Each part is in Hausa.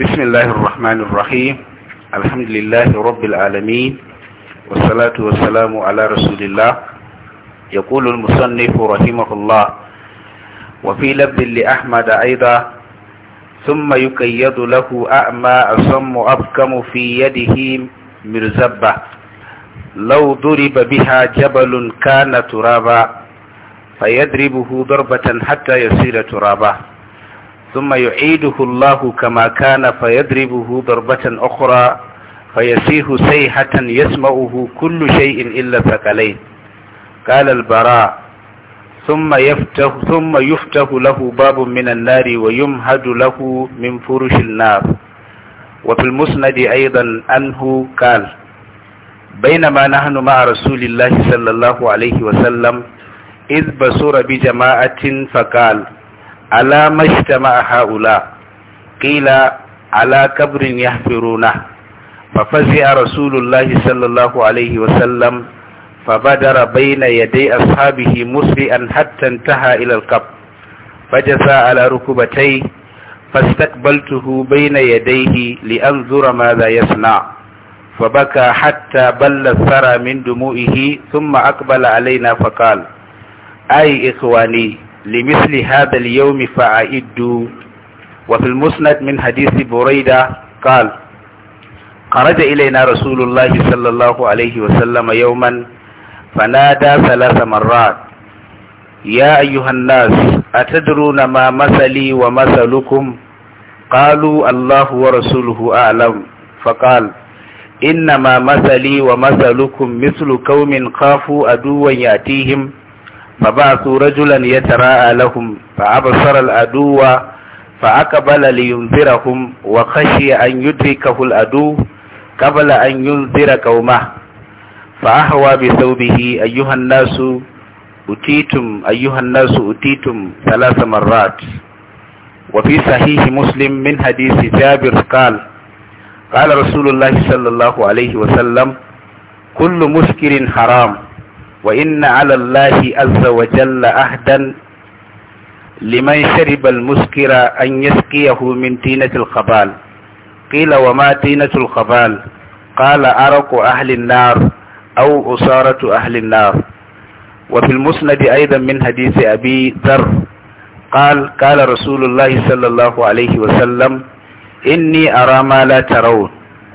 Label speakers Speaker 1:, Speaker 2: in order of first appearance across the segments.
Speaker 1: بسم الله الرحمن الرحيم الحمد لله رب العالمين والصلاة والسلام على رسول الله يقول المصنف رحمه الله وفي لفظ لأحمد أيضا ثم يكيد له أعمى أصم أبكم في يده مرزبة لو ضرب بها جبل كان ترابا فيدربه ضربة حتى يصير ترابا ثم يعيده الله كما كان فيضربه ضربة أخرى فيسيه سيحة يسمعه كل شيء إلا ثقلين قال البراء ثم يفتح ثم يفتح له باب من النار ويمهد له من فرش النار وفي المسند أيضا أنه قال بينما نحن مع رسول الله صلى الله عليه وسلم إذ بصر بجماعة فقال ala majtama haula qila ala kabrin yahfiruna fa fazi'a rasulullah sallallahu alaihi wa sallam fa badara baina yaday ashabihi musri'an hatta intaha ila al-qab fajasa ala rukubatay fastaqbaltuhu baina yadayhi li anzura madha yasna فبكى حتى بل الثرى من دموعه ثم أقبل علينا فقال أي إخواني لمثل هذا اليوم فأعدوا وفي المسند من حديث بريدة قال خرج إلينا رسول الله صلى الله عليه وسلم يوما فنادى ثلاث مرات يا أيها الناس أتدرون ما مثلي ومثلكم قالوا الله ورسوله أعلم فقال إنما مثلي ومثلكم مثل قوم خافوا أدوا يأتيهم فبعثوا رجلا يتراءى لهم فأبصر العدو فأقبل لينذرهم وخشي أن يدركه العدو قبل أن ينذر قومه فأهوى بثوبه أيها الناس أتيتم أيها الناس أتيتم ثلاث مرات وفي صحيح مسلم من حديث جابر قال قال رسول الله صلى الله عليه وسلم كل مسكر حرام وإن على الله عز وجل أهدا لمن شرب المسكر أن يسقيه من تينة الخبال قيل وما تينة الخبال قال أرق أهل النار أو أصارة أهل النار وفي المسند أيضا من حديث أبي ذر قال قال رسول الله صلى الله عليه وسلم إني أرى ما لا ترون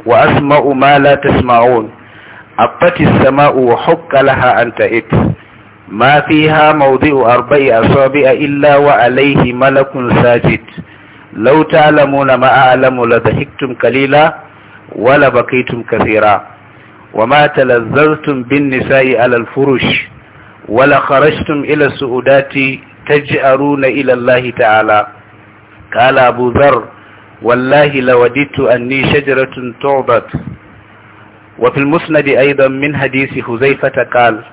Speaker 1: وأسمع ما لا تسمعون أبت السماء وحق لها أن تئت ما فيها موضع أربع أصابع إلا وعليه ملك ساجد لو تعلمون ما أعلم لذهكتم قليلا بقيتم كثيرا وما تلذذتم بالنساء على الفرش ولا خرجتم إلى السؤدات تجأرون إلى الله تعالى قال أبو ذر والله لوددت أني شجرة تعبت وفي المسند أيضا من حديث حذيفة قال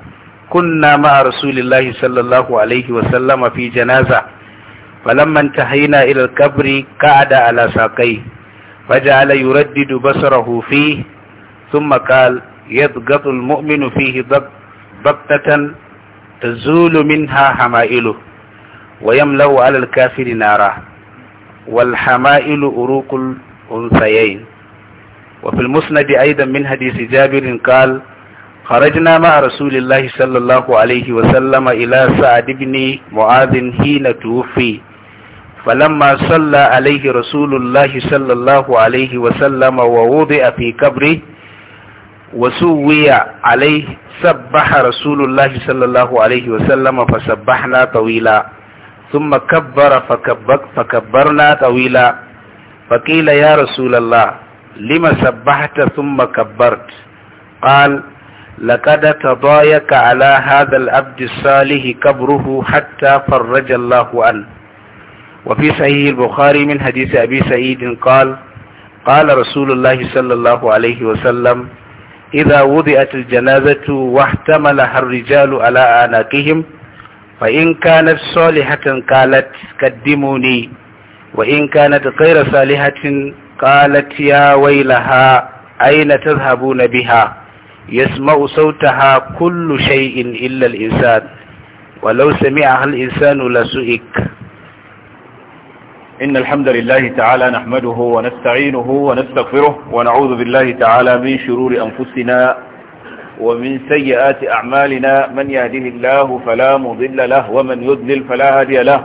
Speaker 1: كنا مع رسول الله صلى الله عليه وسلم في جنازة فلما انتهينا إلى القبر قعد على ساقيه فجعل يردد بصره فيه ثم قال يضغط المؤمن فيه ضغطة تزول منها حمائله ويملأ على الكافر نارا والحمائل أروق الأنثيين وفي المسند أيضا من حديث جابر قال خرجنا مع رسول الله صلى الله عليه وسلم إلى سعد بن معاذ حين توفي فلما صلى عليه رسول الله صلى الله عليه وسلم ووضع في قبره وسوي عليه سبح رسول الله صلى الله عليه وسلم فسبحنا طويلا ثم كبر فكبر فكبرنا طويلا فقيل يا رسول الله lima sabbahta thumma kabbart qal laqad tadayaka ala hadha al-abd as kabruhu hatta farraja Allahu an wa fi sahih al-bukhari min hadith abi sa'id qal قال رسول الله صلى الله عليه وسلم إذا وضعت الجنازة واحتملها الرجال على أعناقهم فإن كانت صالحة قالت قدموني وإن كانت غير صالحة قالت يا ويلها أين تذهبون بها يسمع صوتها كل شيء إلا الإنسان ولو سمعها الإنسان لسئك إن الحمد
Speaker 2: لله تعالى نحمده ونستعينه ونستغفره ونعوذ بالله تعالى من شرور أنفسنا ومن سيئات أعمالنا من يهده الله فلا مضل له ومن يضلل فلا هادي له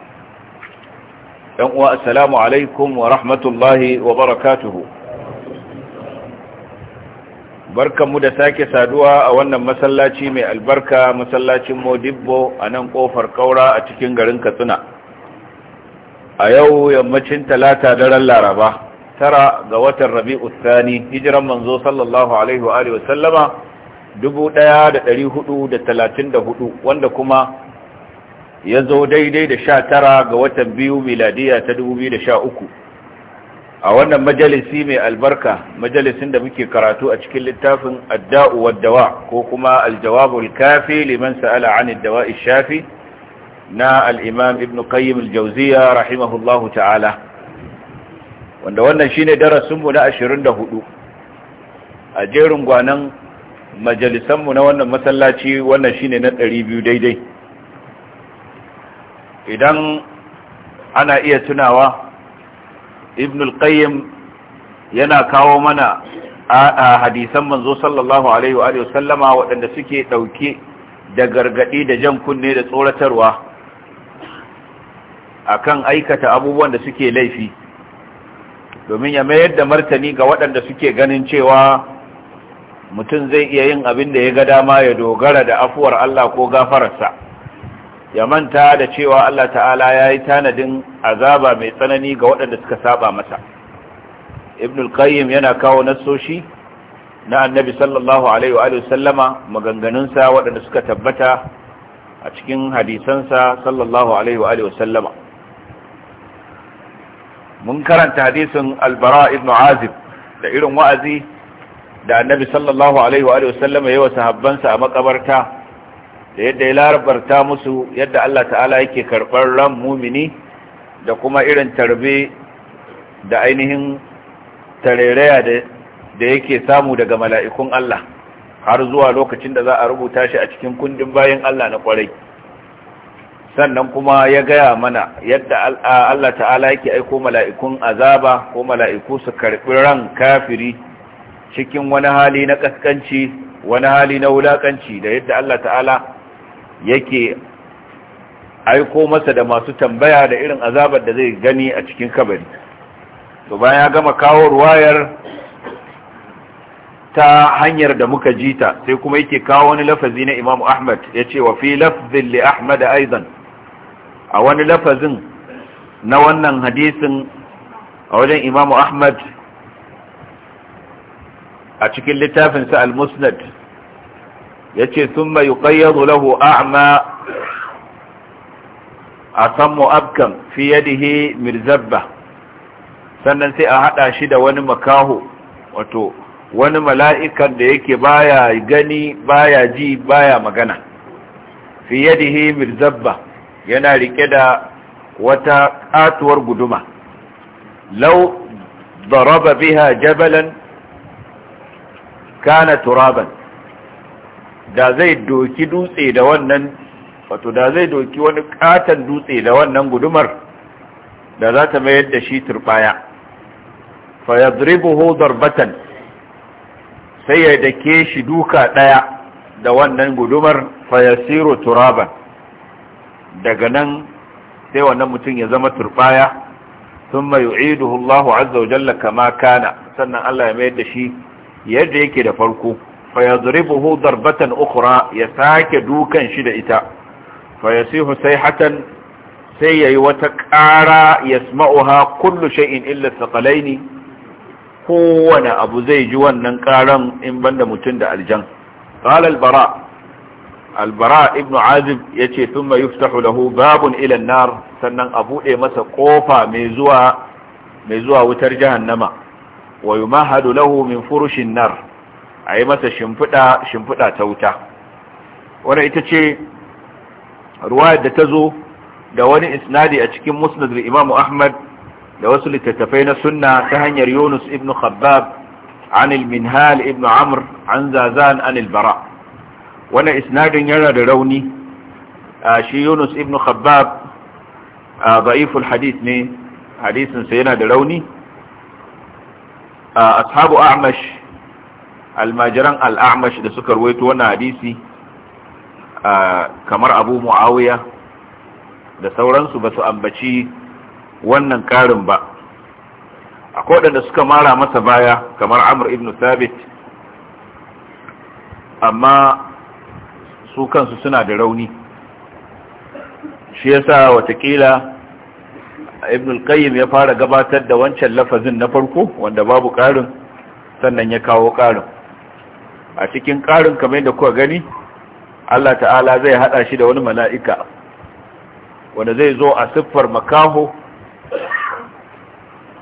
Speaker 2: yan uwa assalamu alaikum wa rahmatullahi wa barakatuhu barkanmu da sake saduwa a wannan masallaci mai albarka masallacin modibbo a nan kofar kaura a cikin garin katsina a yau yammacin talata daren laraba tara ga watan rabi'u Sani, hijiran manzo sallallahu alaihi wa da wa sallama 1434 wanda kuma ya zo daidai da sha tara ga watan biyu miladiya ta dubu biyu da sha uku a wannan majalisi mai albarka majalisin da muke karatu a cikin littafin adda'u waddawa ko kuma aljawabul kafi liman sa'ala an dawa'i shafi na al-imam ibn qayyim al-jawziya rahimahullahu ta'ala wanda wannan shine darasin mu na 24 a jerin gwanan majalisan mu na wannan masallaci wannan shine na 200 daidai idan ana iya tunawa ibn al-qayyim yana kawo mana a hadisan manzo sallallahu alaihi wa alihi sallama waɗanda suke ɗauke da gargaɗi da jan kunne da tsoratarwa akan aikata abubuwan da suke laifi domin ya mayar da martani ga waɗanda suke ganin cewa mutum zai iya yin abin da ya ga dama ya dogara da afuwar Allah ko gafararsa ya manta da cewa Allah ta'ala ya yi tanadin azaba mai tsanani ga waɗanda suka saba masa ibnul qayyim yana kawo nassoshi na annabi sallallahu alaihi wa sallama maganganunsa waɗanda suka tabbata a cikin hadisansa sallallahu alaihi wa sallama mun karanta hadisin albara ibn azib da irin wa'azi da annabi sallallahu alaihi wa sallama sahabbansa a makabarta da yadda ya larabarta musu yadda Allah ta'ala yake karɓar ran mumini da kuma irin tarbe da ainihin tarairaya da yake samu daga mala'ikun Allah har zuwa lokacin da za a rubuta shi a cikin kundin bayan Allah na kwarai sannan kuma ya gaya mana yadda Allah ta'ala yake aiko mala'ikun azaba ko mala'iku su karɓi ran kafiri cikin wani hali na ƙasƙanci wani hali na wulaƙanci da yadda Allah ta'ala yake aiko masa da masu tambaya da irin azabar da zai gani a cikin kabari to bayan ya gama kawo ruwayar ta hanyar da muka jita sai kuma yake kawo wani lafazi na Imam Ahmad ce wa fi lafzin li Ahmad aizan a wani lafazin na wannan hadisin a wajen Imam Ahmad a cikin littafinsa al-Musnad yace thumma yuqayyadu lahu a'ma asammu fiye da yadihi mirzabba sannan sai a hada shi da wani makaho wato wani mala'ikan da yake baya gani baya ji baya magana da yadihi mirzabba yana rike da wata katuwar guduma lau daraba biha jabalan kana turaban da zai doki dutse da wannan wato da zai doki wani katon dutse da wannan gudumar da za ta mayar da shi turbaya fa yadribuhu darbatan sai ya dake shi duka daya da wannan gudumar fa yasiru turaban daga nan sai wannan mutum ya zama turbaya thumma yu'iduhu Allahu azza wa jalla kama kana sannan Allah ya mayar da shi yadda yake da farko fa yadribuhu darbatan ukhra ya sake dukan shi da ita fa yasihu sayhatan sai yayi wata ƙara yasma'uha kullu shay'in illa thaqalaini
Speaker 3: kowane
Speaker 2: abu zai ji wannan karan in banda mutum da aljan qala al-bara al-bara ibn azib yace thumma yuftahu lahu babun ilan nar sannan a buɗe masa kofa mai zuwa wutar jahannama wa yumahadu lahu min furushin nar a yi masa shimfiɗa ta wuta Wani ita ce ruwayar da ta zo da wani isnadi a cikin musnad imam ahmad da wasu littattafai na sunna ta hanyar yunus ibn khabbab an minhal ibn amr an zazan an al-bara isnadin yana da rauni shi yunus ibn khabbab da'iful hadith ne Hadisinsa yana da rauni ashabu a'mash almajiran al'amash da suka ruwaito wannan hadisi kamar abu mu'awiya da sauransu ba su ambaci wannan karin ba akwai waɗanda suka mara masa baya kamar amur ibn sabit amma su kansu suna da rauni shi yasa watakila ibn al-qayyim ya fara gabatar da wancan lafazin na farko wanda babu karin sannan ya kawo karin a cikin ƙarin kamar da kuka gani Allah ta'ala zai haɗa shi da wani mala'ika wanda zai zo a siffar makaho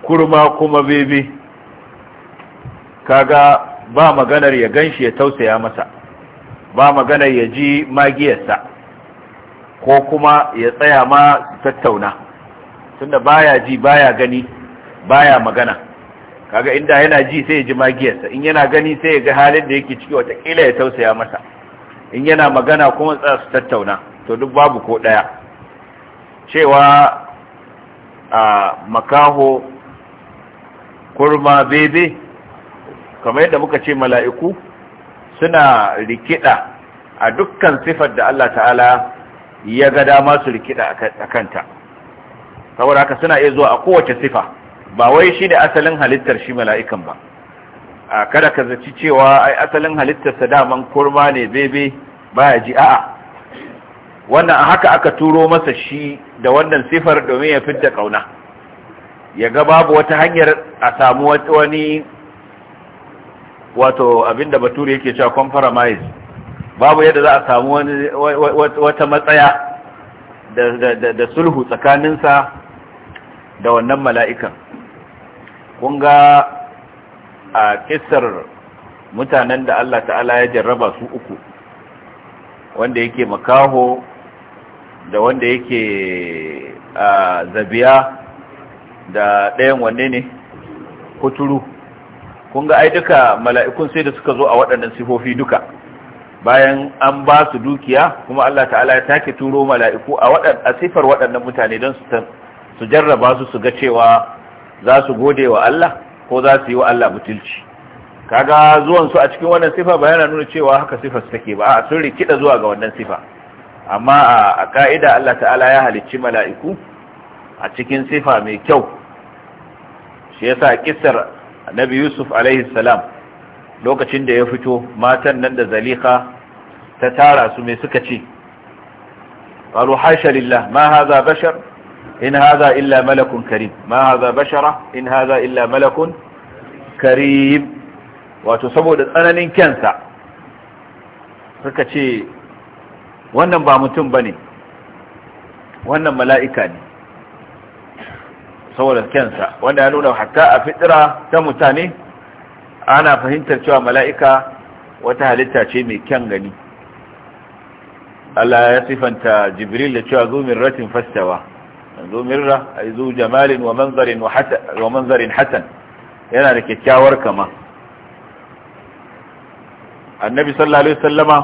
Speaker 2: kurma kuma bebe kaga ba maganar ya ganshi ya tausaya masa ba maganar ya ji magiyarsa ko kuma ya tsaya ma tattauna tunda baya ji baya gani baya magana kaga inda yana ji sai ya ji magiyarsa in yana gani sai ya ga halin da yake ciki watakila ya tausaya masa in yana magana kuma tsara su tattauna to duk babu ko ɗaya cewa a makaho kurma bebe kamar yadda muka ce mala'iku suna rikida a dukkan sifar da Allah ta'ala ya ga dama su rikida a kanta saboda haka suna iya zuwa a kowace sifa ba wai shi ne asalin halittar shi mala'ikan ba a kada ka zaci cewa ai asalin halittarsa daman kurma ne bebe baya ji a'a wannan a haka aka turo masa shi da wannan sifar domin ya fidda kauna ya ga babu wata hanyar a samu wani wato abinda bature yake cewa compromise babu yadda za a samu wata matsaya da sulhu tsakaninsa da wannan mala'ikan kun ga a kisar mutanen da Allah ta'ala ya jarraba su uku wanda yake makaho da wanda yake a zabiya da ɗayan wanne ne kuturu kun ga ai duka mala'ikun sai da suka zo a waɗannan sifofi duka bayan an ba su dukiya kuma Allah ta'ala ya take turo mala'iku a sifar waɗannan mutane don su jarraba su su ga cewa za su gode wa Allah ko za su yi wa Allah butulci kaga zuwan su a cikin wannan sifa ba yana nuna cewa haka sifar su take ba a sun rikida zuwa ga wannan sifa amma a ka'ida Allah ta'ala ya halicci mala'iku a cikin sifa mai kyau shi yasa kissar Nabi Yusuf alaihi salam lokacin da ya fito matan nan da zalika ta tara su mai suka ce qalu hasha lillah ma hadha bashar in haza illa malakun karim ma haza bashara in haza illa malakun karim wato saboda tsananin kyansa suka ce wannan ba mutum ba ne wannan mala'ika ne saboda kyansa wanda ya nuna hatta a fitira ta mutane ana fahimtar cewa mala'ika wata halitta ce mai kyan gani Allah ya sifanta jibril da cewa zumin ratin fastawa ذو مرة أي ذو جمال ومنظر, وحسن ومنظر حسن ينا لكتشاور كما النبي صلى الله عليه وسلم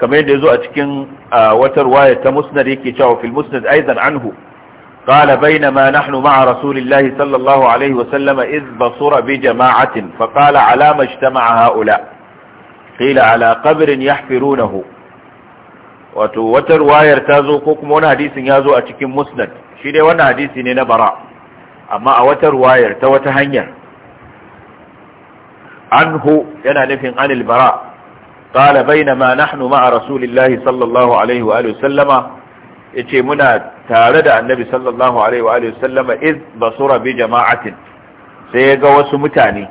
Speaker 2: كما يدزو أتكين آه، وترواية كمسند يكتشاو في المسند أيضا عنه قال بينما نحن مع رسول الله صلى الله عليه وسلم إذ بصر بجماعة فقال على ما اجتمع هؤلاء قيل على قبر يحفرونه wato wata ruwayar ta zo ko kuma wani hadisin ya zo a cikin musnad shi dai wani hadisi ne na bara amma a wata ruwayar ta wata hanyar anhu yana nufin anil bara qala bainama nahnu ma'a rasulillahi sallallahu alaihi wa alihi sallama yace muna tare da annabi sallallahu alaihi wa alihi sallama iz basura bi jama'atin sai ya ga wasu mutane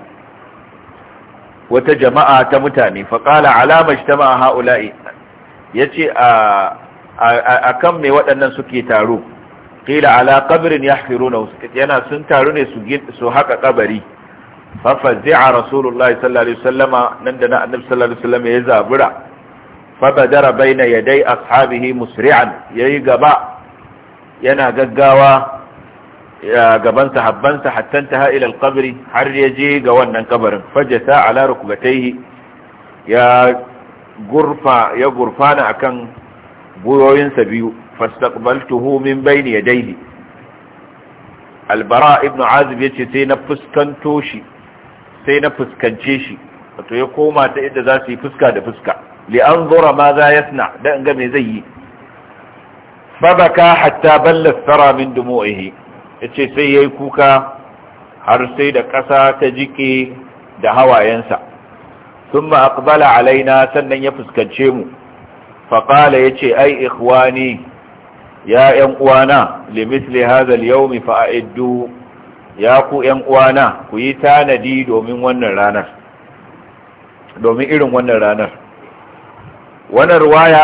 Speaker 2: wata jama'a ta mutane fa qala alama ijtama'a ha'ula'i ya ce a kan mai waɗannan suke taro ƙila ala ƙabirin ya firuna yana sun taru ne su haƙa ƙabari a rasulullahi sallallahu alaihi wasallama nan da na annabi sallallahu alaihi wasallama ya zabura fabadara baina yadai ashabihi musri'an yayi gaba yana gaggawa gaban sahabbansa hatta ta ila alqabri har yaje ga wannan ƙabarin fajata ala rukbatayhi ya gurfa ya gurfana akan buyoyinsa biyu fastaqbaltuhu min bayni yadayhi albara ibn azib yace sai na fuskanto shi sai na fuskance shi wato ya koma ta inda za yi fuska da fuska li anzura ma za yasna dan ga me zai yi fabaka hatta balla thara min dumu'ihi yace sai yayi kuka har sai da ƙasa ta jike da hawayensa thumma aqbala alaina sannan ya fuskance mu fa qala yace ai ikhwani ya yan uwana limithli hadha al-yawm fa'iddu ya ku yan na ku yi tanadi domin wannan ranar domin irin wannan ranar wannan ruwaya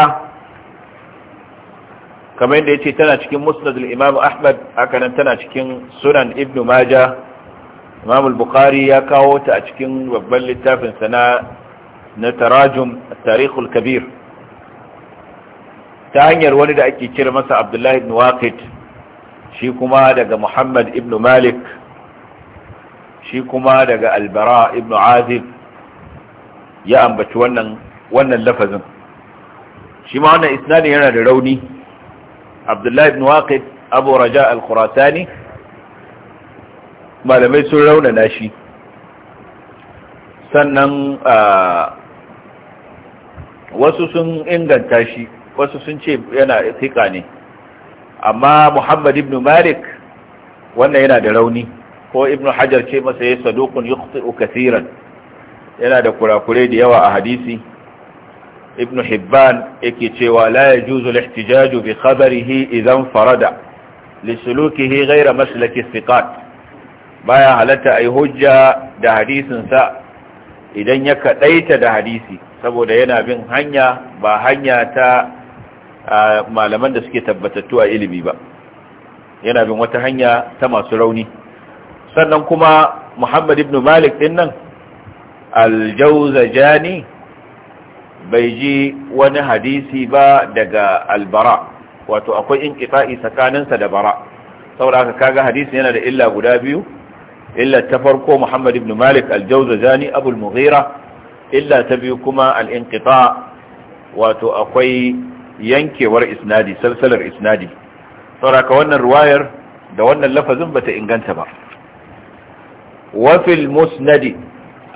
Speaker 2: kamar yadda ya ce tana cikin musnad al-imam ahmad haka nan tana cikin sunan ibnu maja imam al-bukhari ya kawo ta a cikin babban littafin sana na tarajum tarihul kabir ta hanyar wani da ake cire masa abdullahi ibn waqid shi kuma daga muhammad ibn malik shi kuma daga albara ibn azib ya ambaci wannan wannan lafazin shi ma wannan isnadin yana da rauni abdullahi ibn waqid abu raja al-khurasani malamai sun raunana shi sannan wasu sun inganta shi wasu sun ce yana tsika ne amma muhammad ibn malik wannan yana da rauni ko ibn hajar ce masa ya sadukun yukhti'u kasiran yana da kurakure da yawa a hadisi ibn hibban yake cewa la yajuzu al bi khabarihi idan farada li hi ghayra maslaki thiqat baya halatta ai hujja da hadisin sa idan ya kadaita da hadisi saboda yana bin hanya ba hanya ta malaman da suke tabbatattu a ilimi ba yana bin wata hanya ta masu rauni sannan kuma Muhammad ibn Malik din nan al bai ji wani hadisi ba daga al-Bara wato akwai inqita'i tsakaninsa da Bara saboda haka kaga hadisi yana da illa guda biyu illa ta farko muhammad ibn malik al-jawzajani abul mughira illa ta biyu kuma al-inqita wato akwai yankewar isnadi salsalar isnadi sauraka wannan ruwayar da wannan lafazin bata inganta ba wafil musnadi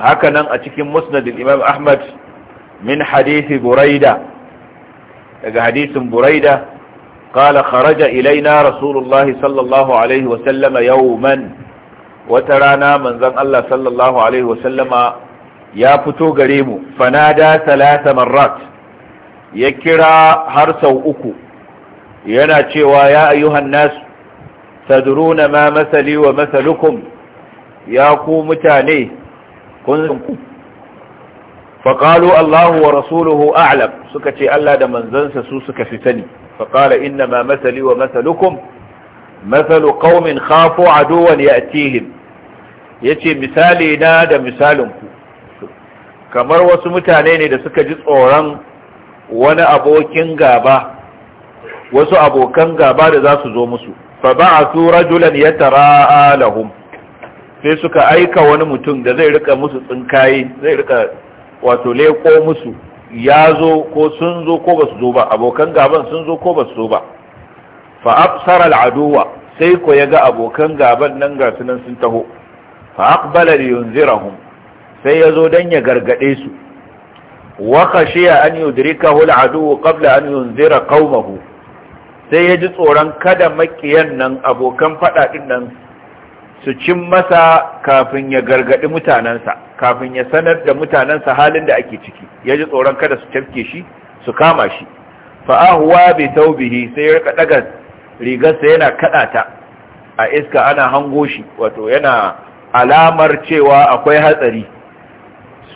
Speaker 2: hakanan a cikin musnadin imam ahmad min hadisi buraida daga hadisin buraida قال خرج إلينا رسول الله صلى الله عليه وسلم يوما wata rana manzon Allah sallallahu alaihi wasallama ya fito gare mu fanada salasa marrat ya kira har sau uku yana cewa ya ayyuhan nas Sadruna ma masali wa masalukum ya ku mutane kun فقالوا الله ورسوله أعلم سكتي ألا دمن زنس سوسك فتني فقال إنما مثلي ومثلكم مثل قوم خافوا عدوا يأتيهم Ya ce misali na da misalin ku kamar wasu mutane ne da suka ji tsoron wani abokin gaba wasu abokan gaba da za su zo musu fa ba'athu rajulan yatara'a lahum sai suka aika wani mutum da zai rika musu tsinkaye zai rika wato leko musu ya zo ko sun zo ko ba su zo ba abokan gaban sun zo ko ba su zo ba fa absara al'aduwa sai ko ya ga abokan gaban nan ga sunan sun taho fa aqbala liyunzirahum sai yazo dan ya gargade su wa khashiya an yudrikahu al'adu qabla an yunzira qaumahu sai yaji ji tsoron kada makiyan nan abokan fada nan su cin masa kafin ya gargadi mutanansa kafin ya sanar da mutanansa halin da ake ciki ya ji tsoron kada su tafke shi su kama shi fa ahwa bi taubihi sai ya rika daga rigarsa yana kadata a iska ana hango shi wato yana alamar cewa akwai hatsari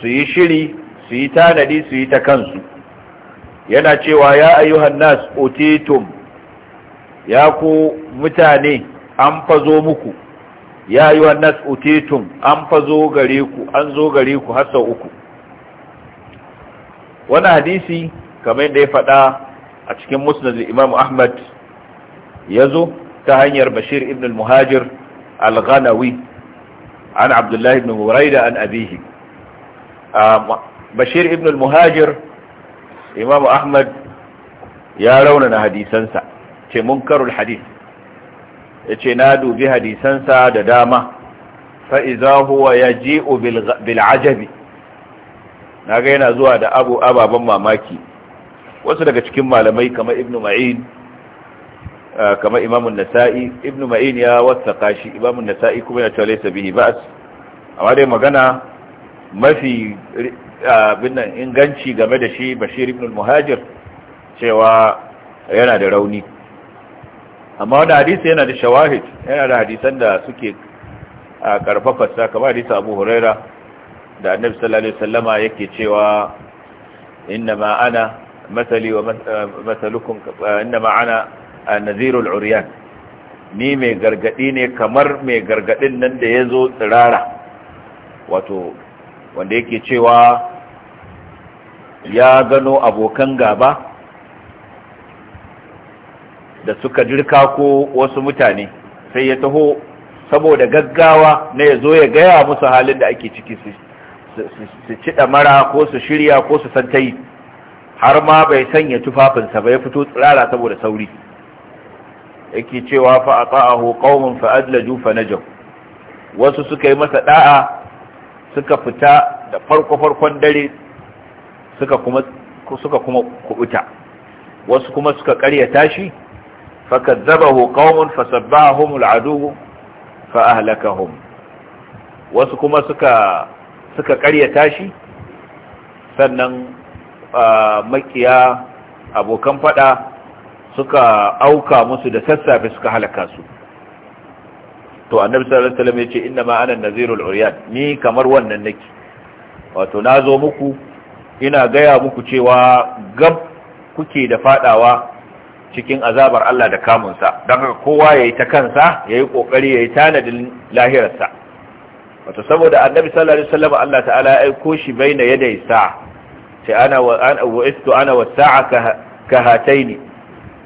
Speaker 2: su yi shiri su yi tanadi su yi ta kansu yana cewa ya ayyuhan nas utitum ya ku mutane an fazo muku ya ayyuhan nas utitum an fazo gare ku an zo gare ku har uku wani hadisi kamar da ya faɗa a cikin musnad imam ahmad ya zo ta hanyar bashir ibn al-muhajir al-ghanawi an abdullahi ibn Muraida an abihi bashir ibn al-muhajir imamu ahmad ya raunana hadisansa ce munkarul hadis ya ce na dubi hadisansa da dama fa'iza huwa ya ji'u bil'ajabi na ga yana zuwa da abu ababen mamaki wasu daga cikin malamai kamar ibn ma'in kamar Imam an-Nasa'i Ibn Ma'in ya wasaka shi Imam an-Nasa'i kuma yana cewa laysa bihi ba'as amma dai magana mafi abin inganci game da shi Bashir ibn al-Muhajir cewa yana da rauni amma wani hadisi yana da shawahid yana da hadisan da suke karfafa sa kamar hadisi Abu Huraira da Annabi sallallahu alaihi wasallama yake cewa inna ma ana mathali wa mathalukum inna ma ana a nazirul uriyan ni mai gargadi ne kamar mai gargadin nan da ya zo tsirara wato wanda yake cewa ya gano abokan gaba da suka dirka ko wasu mutane sai ya taho saboda gaggawa na ya zo ya gaya musu halin da ake ciki su ci mara ko su shirya ko su santayi har ma bai sanya tufafinsa ba ya fito tsirara saboda sauri yake cewa fa ata'ahu qaumun fa adlaju fa najaw wasu suka yi masa ɗa'a, suka fita da farko farkon dare suka kuma suka wasu kuma suka karyata shi fa kadzabahu qaumun fa sabbahum adubu fa ahlakahum wasu kuma suka suka tashi, sannan ah, makiya abokan faɗa. suka auka musu da sassafe suka halaka su to annabi sallallahu alaihi wasallam yace inna ma ana nazirul uryan ni kamar wannan nake wato nazo muku ina gaya muku cewa gab kuke da fadawa cikin azabar Allah da kamunsa sa haka kowa yayi ta kansa yayi kokari yayi tanadin lahirarsa wato saboda annabi sallallahu alaihi wasallam Allah ta'ala ya aiko shi baina yadaysa sai ana wa ana ana wa sa'a ka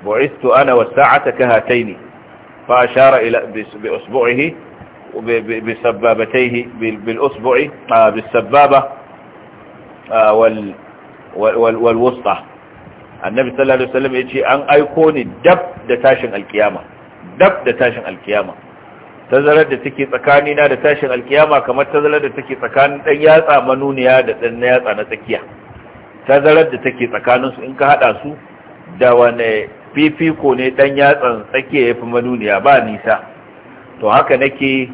Speaker 2: bu'istu ana wasa'ata ka hataini fa ashara ila bi usbu'ihi bi sabbabatayhi bil annabi sallallahu alaihi wasallam yace an aiko ni dab da tashin alkiyama tazarar da take tsakanina da tashin alkiyama kamar tazarar da take tsakanin dan yatsa da dan yatsa na tsakiya tazarar da take tsakanin su in ka hada su da wane fifiko ne dan yatsan tsakiya ya fi manuniya ba nisa to haka nake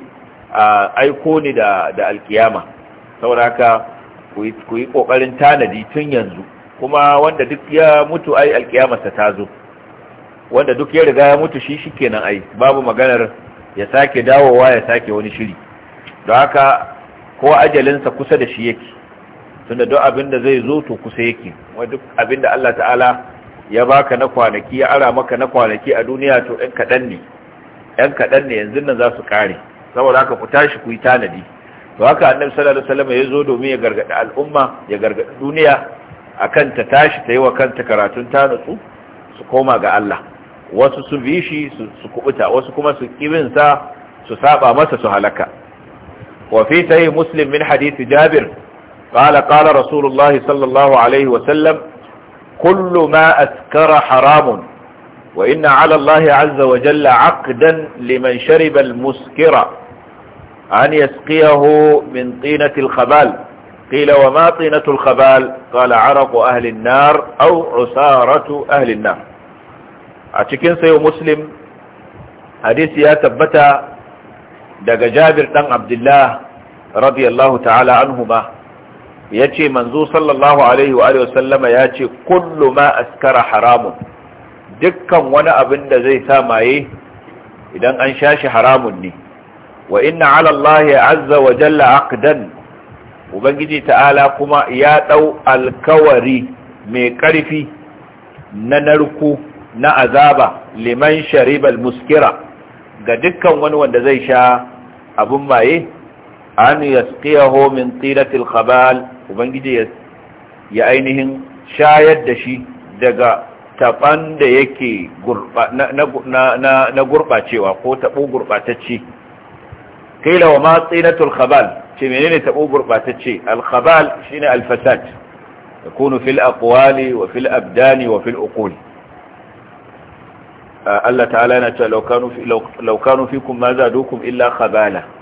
Speaker 2: aiko ni da da alkiyama saboda haka ku yi kokarin tanadi tun yanzu kuma wanda duk ya mutu ai alkiyamarsa ta zo wanda duk ya riga ya mutu shi shikenan ai babu maganar ya sake dawowa ya sake wani shiri don haka ko ajalinsa kusa da shi yake tunda duk abin da zai zo to kusa yake wa duk abin da Allah ta'ala ya baka na kwanaki ya ara maka na kwanaki a duniya to ɗan kaɗan ne ɗan kaɗan ne yanzu nan za su ƙare saboda haka ku tashi ku yi tanadi to haka annabi sallallahu alaihi wasallam ya zo domin ya gargaɗi al'umma ya gargaɗi duniya akan ta tashi ta yi wa kanta karatun ta nutsu su koma ga Allah wasu su bi shi su kubuta wasu kuma su kibin sa su saba masa su halaka wa fi sahih muslim min hadith jabir قال قال رسول الله صلى الله كل ما أسكر حرام وإن على الله عز وجل عقدا لمن شرب المسكر أن يسقيه من طينة الخبال قيل وما طينة الخبال قال عرق أهل النار أو عسارة أهل النار أتكين سيو مسلم حديث يا تبتا دق جابر بن عبد الله رضي الله تعالى عنهما ya ce manzo sallallahu alaihi wa sallama ya ce kullu ma askara haramun dukkan wani abin da zai sa maye idan an sha shi haramun ne wa inna ala Allah azza wa jalla aqdan ubangiji ta'ala kuma ya dau alkawari mai karfi na narku na azaba liman sharibal muskira ga dukkan wani wanda zai sha abun maye an yasqiyahu min tilatil khabal ubangiji ya ainihin shayar da shi daga taban da yake na gurbacewa ko tabo gurbatacce kila wa ma tsinatul khabal ce menene tabo gurbatacce al khabal shine al fasad yakunu fil aqwali wa fil abdani wa fil uquli Allah ta'ala yana cewa law kanu fikum ma illa khabala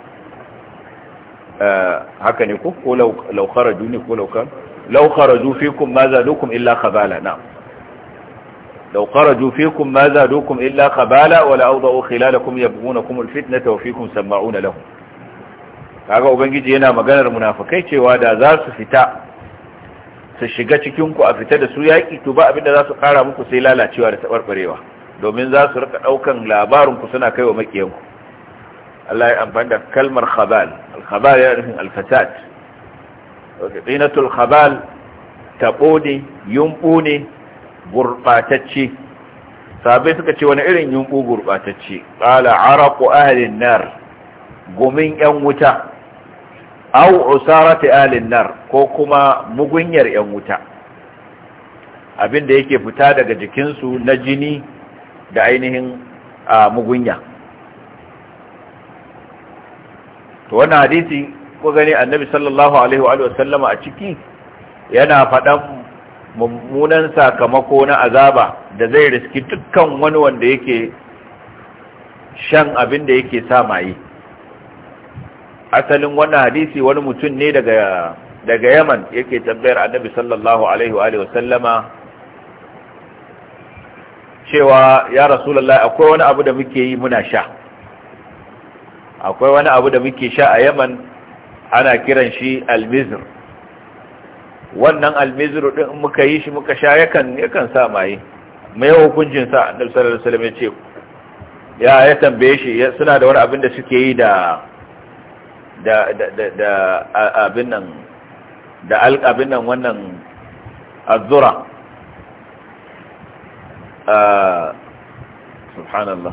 Speaker 2: haka ne ko ko law kharaju ne ko law kan law kharaju fikum ma zadukum illa kabala na law kharaju fikum ma zadukum illa khabala wala awda'u khilalakum yabghunakum alfitnata wa fikum na lahum kaga ubangiji yana maganar munafikai cewa da za su fita su shiga cikinku a fita da su yaƙi to ba abin da za su kara muku sai lalacewa da tabarbarewa domin za su rika ɗaukan labarin suna kai wa maƙiyanku. Allah ya amfani da kalmar khabal khabal yana nufin al-fasad khabal taɓo ne yumɓu ne gurɓatacce sabai suka ce wani irin yumɓu gurɓatacce ƙala araku ahalin nar gumin 'yan wuta au usarati ahalin nar ko kuma mugunyar 'yan wuta abinda yake fita daga jikinsu na jini da ainihin mugunya to wannan hadisi ko gani annabi sallallahu alaihi wa sallama a ciki yana faɗan mummunan sakamako na azaba da zai riski dukkan wani wanda yake shan abin da yake sa maye asalin wannan hadisi wani mutum ne daga daga Yaman yake tambayar annabi sallallahu alaihi wa sallama cewa ya rasulullahi akwai wani abu da muke yi muna sha akwai wani abu da muke sha a yaman ana kiran shi almizir wannan almizir din muka yi shi muka sha yakan yakan sa maye mai hukuncin sa annabi sallallahu alaihi wasallam ya ce ya tambaye shi suna da wani abin da suke yi da da da da abin nan da alqabin nan wannan azura ah, subhanallah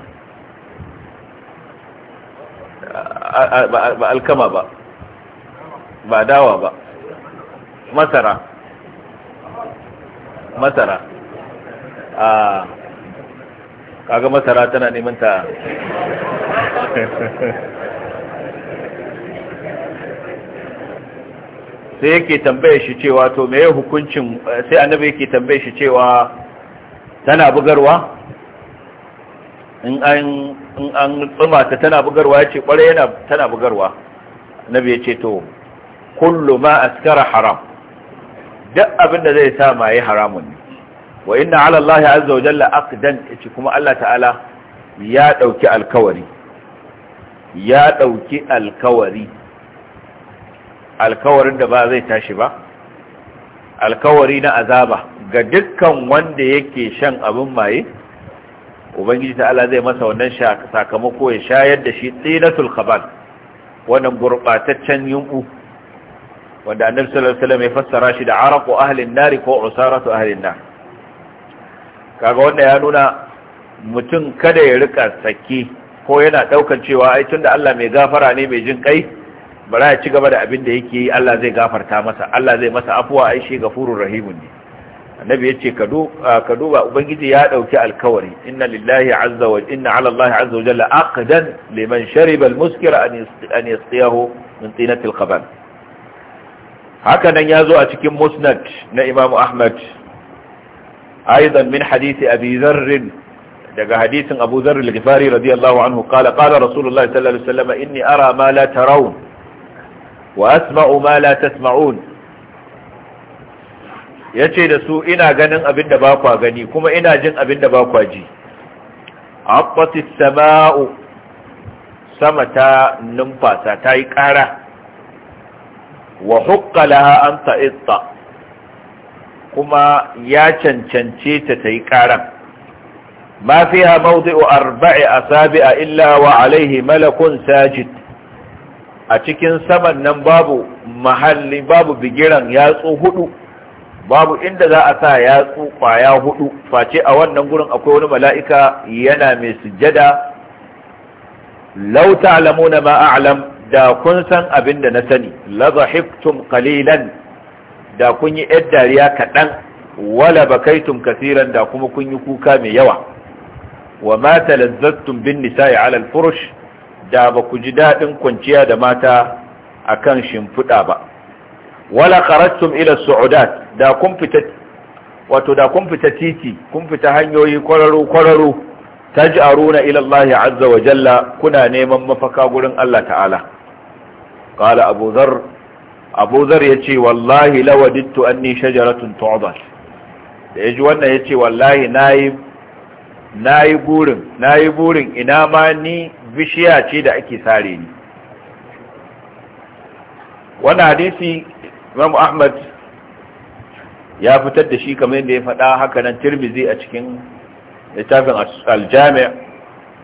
Speaker 2: ba alkama ba ba dawa ba masara masara a kaga masara tana neman ta sai yake tambaye shi cewa to me ya hukuncin sai annabi yake tambaye shi cewa tana bugarwa in an in an tsuma ta tana bugarwa yace kware yana tana bugarwa annabi yace to kullu ma askara haram duk abinda zai sa ma yi haramun ne wa inna ala Allah azza wa jalla aqdan yace kuma Allah ta'ala ya dauki alkawari ya dauki alkawari alkawarin da ba zai tashi ba alkawari na azaba ga dukkan wanda yake shan abin maye ubangiji ta'ala zai masa wannan sakamako ya shayar da shi tsinatul khabal wannan gurbataccen yunku wanda annabi sallallahu alaihi wasallam ya fassara shi da araqu ahlin nar ko usaratu ahlin nar kaga wanda ya nuna mutum kada ya rika sakki ko yana ɗaukan cewa ai tunda Allah mai gafara ne mai jin kai bara ya ci gaba da abin da yake yi Allah zai gafarta masa Allah zai masa afuwa ai shi gafurur rahimun ne annabi yace ka duba ubangiji ya dauki alkawari inna lillahi azza wa inna ala allahi azza wa jalla aqdan liman shariba almuskira an yasqiyahu min tinati alkhaban haka nan yazo a cikin musnad na imamu ahmad aidan min hadisi abi dharr daga hadisin abu dharr al-ghifari radiyallahu anhu qala qala rasulullahi sallallahu alaihi wasallam inni ara ma la tarawun wa asma'u ma la tasma'un ya ce da su ina ganin abin da ba kwa gani kuma ina jin abin da ba kwa ji abbatis sama'u sama ta numfasa ta yi ƙara wa hukkalaha an ta'itta kuma ya cancance ta ta yi ƙaran ma fi ha mawdi'u arba'i asabi'a illa wa alaihi malakun sajid a cikin saman nan babu mahalli babu bigiran yatsu hudu babu inda za a sa yatsu kwaya hudu face a wannan gurin akwai wani mala'ika yana mai sujjada law ta'lamuna ma a'lam da kun san abin da na sani laza dhahiktum kalilan da kun yi yar dariya kaɗan wala bakaitum kaseeran da kuma kun yi kuka mai yawa wa mata lazzattun bin nisa'i alal al-furush da ba ku ji daɗin kwanciya da mata akan shimfiɗa ba wala kharajtum ila su'udat da kun fita wato da kun fita titi kun fita hanyoyi kwararo kwararo taj'aruna ila Allah azza wa jalla kuna neman mafaka gurin Allah ta'ala qala abu dhar abu dhar yace wallahi lawadittu anni shajaratun tu'dal da yaji wannan yace wallahi nayi nayi burin nayi burin ina ma ni bishiya ce da ake sare ni wannan hadisi imam ahmad ya fitar da shi kamar yadda ya faɗa haka nan tirmizi a cikin littafin aljami'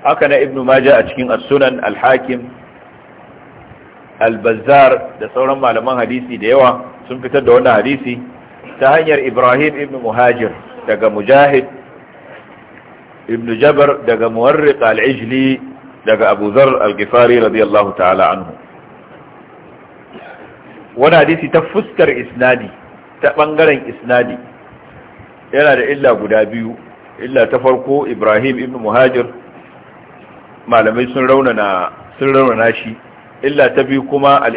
Speaker 2: haka na ibnu maja a cikin as-sunan al-hakim al-bazzar da sauran malaman hadisi da yawa sun fitar da wannan hadisi ta hanyar ibrahim ibnu muhajir daga mujahid ibnu jabar daga muwarriq al-ijli daga abu zar al-ghifari radiyallahu ta'ala anhu wani hadisi ta fuskar isnadi ta bangaren isnadi yana da illa guda biyu illa ta farko ibrahim ibn muhajir malamai sun raunana sun raunana shi illa ta biyu kuma al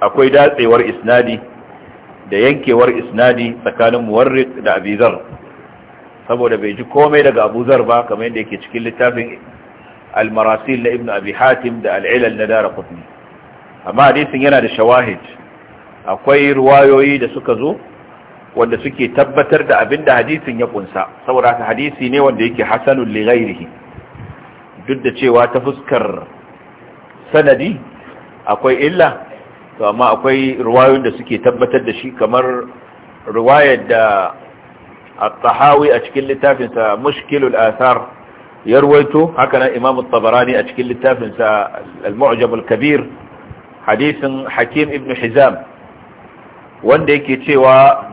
Speaker 2: akwai datsewar isnadi da yankewar isnadi tsakanin muwarrik da abizar saboda bai ji komai daga abuzar ba kamar yadda yake cikin littafin al na ibn abi hatim da al-ilal na daraqutni amma hadisin yana da shawahid akwai ruwayoyi da suka zo wanda suke tabbatar da abinda hadisin ya kunsa saboda haka hadisi ne wanda yake hasanul li ghairihi duk da cewa ta fuskar sanadi akwai illa to amma akwai ruwayoyin da suke tabbatar da shi kamar riwayar da at-tahawi a cikin littafinsa mushkilul athar yarwaito haka nan imam at-tabarani a cikin littafinsa al-mu'jam al-kabir hadisin hakim ibn hizam wanda yake cewa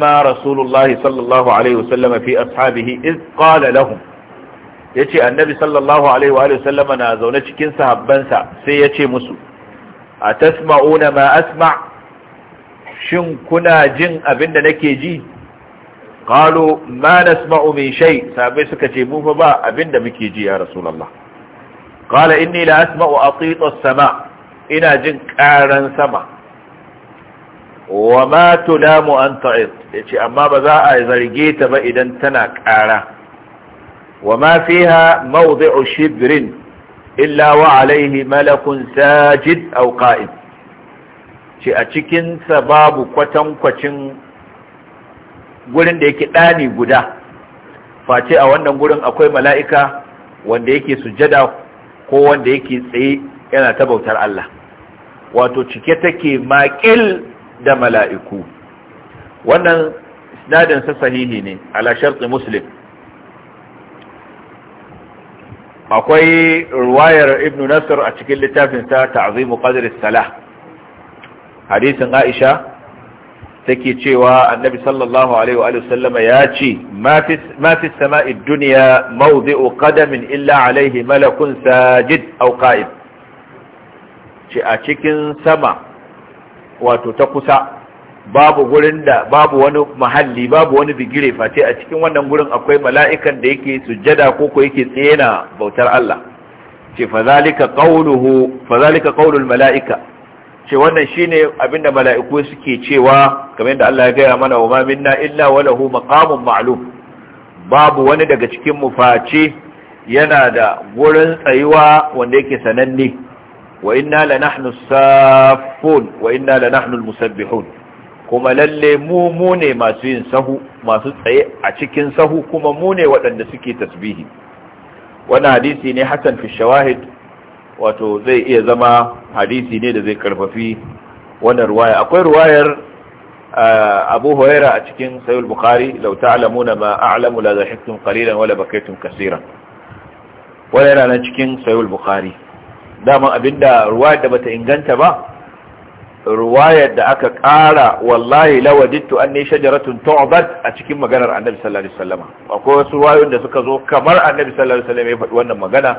Speaker 2: ma rasulullahi sallallahu alaihi wasallama fi ashabihi iz qala lahum ya ce annabi sallallahu alaihi wa sallama na zaune cikin sahabbansa sai ya ce musu a tasma'una ma asma shin kuna jin abin da nake ji qalu ma nasma'u min shay sahabbai suka ce mu fa ba abin da muke ji ya rasulullah qala inni la asma'u aqita as-sama ina jin ƙaran sama wa ma tulamu an ta'id yace amma ba za a zarge ta ba idan tana ƙara wa ma fiha mawdi'u shibrin illa wa alaihi malakun sajid aw qa'id ce a cikin sa babu kwatankwacin gurin da yake dani guda face a wannan gurin akwai mala'ika wanda yake sujada ko wanda yake tsaye yana ta bautar Allah wato cike take maƙil da mala'iku wannan isnadin sa sahihi ne ala sharti muslim akwai ruwayar ibn nasr a cikin littafin ta azimu qadr salah hadisin aisha take cewa annabi sallallahu alaihi wa sallama ya ce mafi fi sama'i duniya mawdi'u qadamin illa alaihi malakun sajid aw qa'id ce a cikin sama wato ta kusa babu gurin da babu wani mahalli babu wani bigire face a cikin wannan gurin akwai mala'ikan da yake sujjada ko ko yake tsena bautar Allah ce fazalika qauluhu fazalika qaulul mala'ika ce wannan shine abinda mala'iku suke cewa kamar da Allah ya gaya mana wa minna illa wa lahu maqamun ma'lum babu wani daga cikin mu face yana da gurin tsayuwa wanda yake sananne wa inna la nahnu safun wa inna la nahnu musabbihun kuma lalle mu mu ne masu yin sahu masu tsaye a cikin sahu kuma mu ne waɗanda suke tasbihi Wani hadisi ne hasan fi shawahid wato zai iya zama hadisi ne da zai karfafi wannan ruwaya akwai ruwayar ah, abu huraira a cikin sayul bukhari law ta'lamuna ma a'lamu la dhahiktum qalilan wala bakaytum kaseeran wannan yana cikin sayul bukhari daman abinda ruwayar da bata inganta ba ruwayar da aka ƙara wallahi lawadittu anni shajaratun tu'bat a cikin maganar annabi sallallahu alaihi wasallam akwai wasu ruwayoyin da suka zo kamar annabi sallallahu alaihi wasallam ya faɗi wannan magana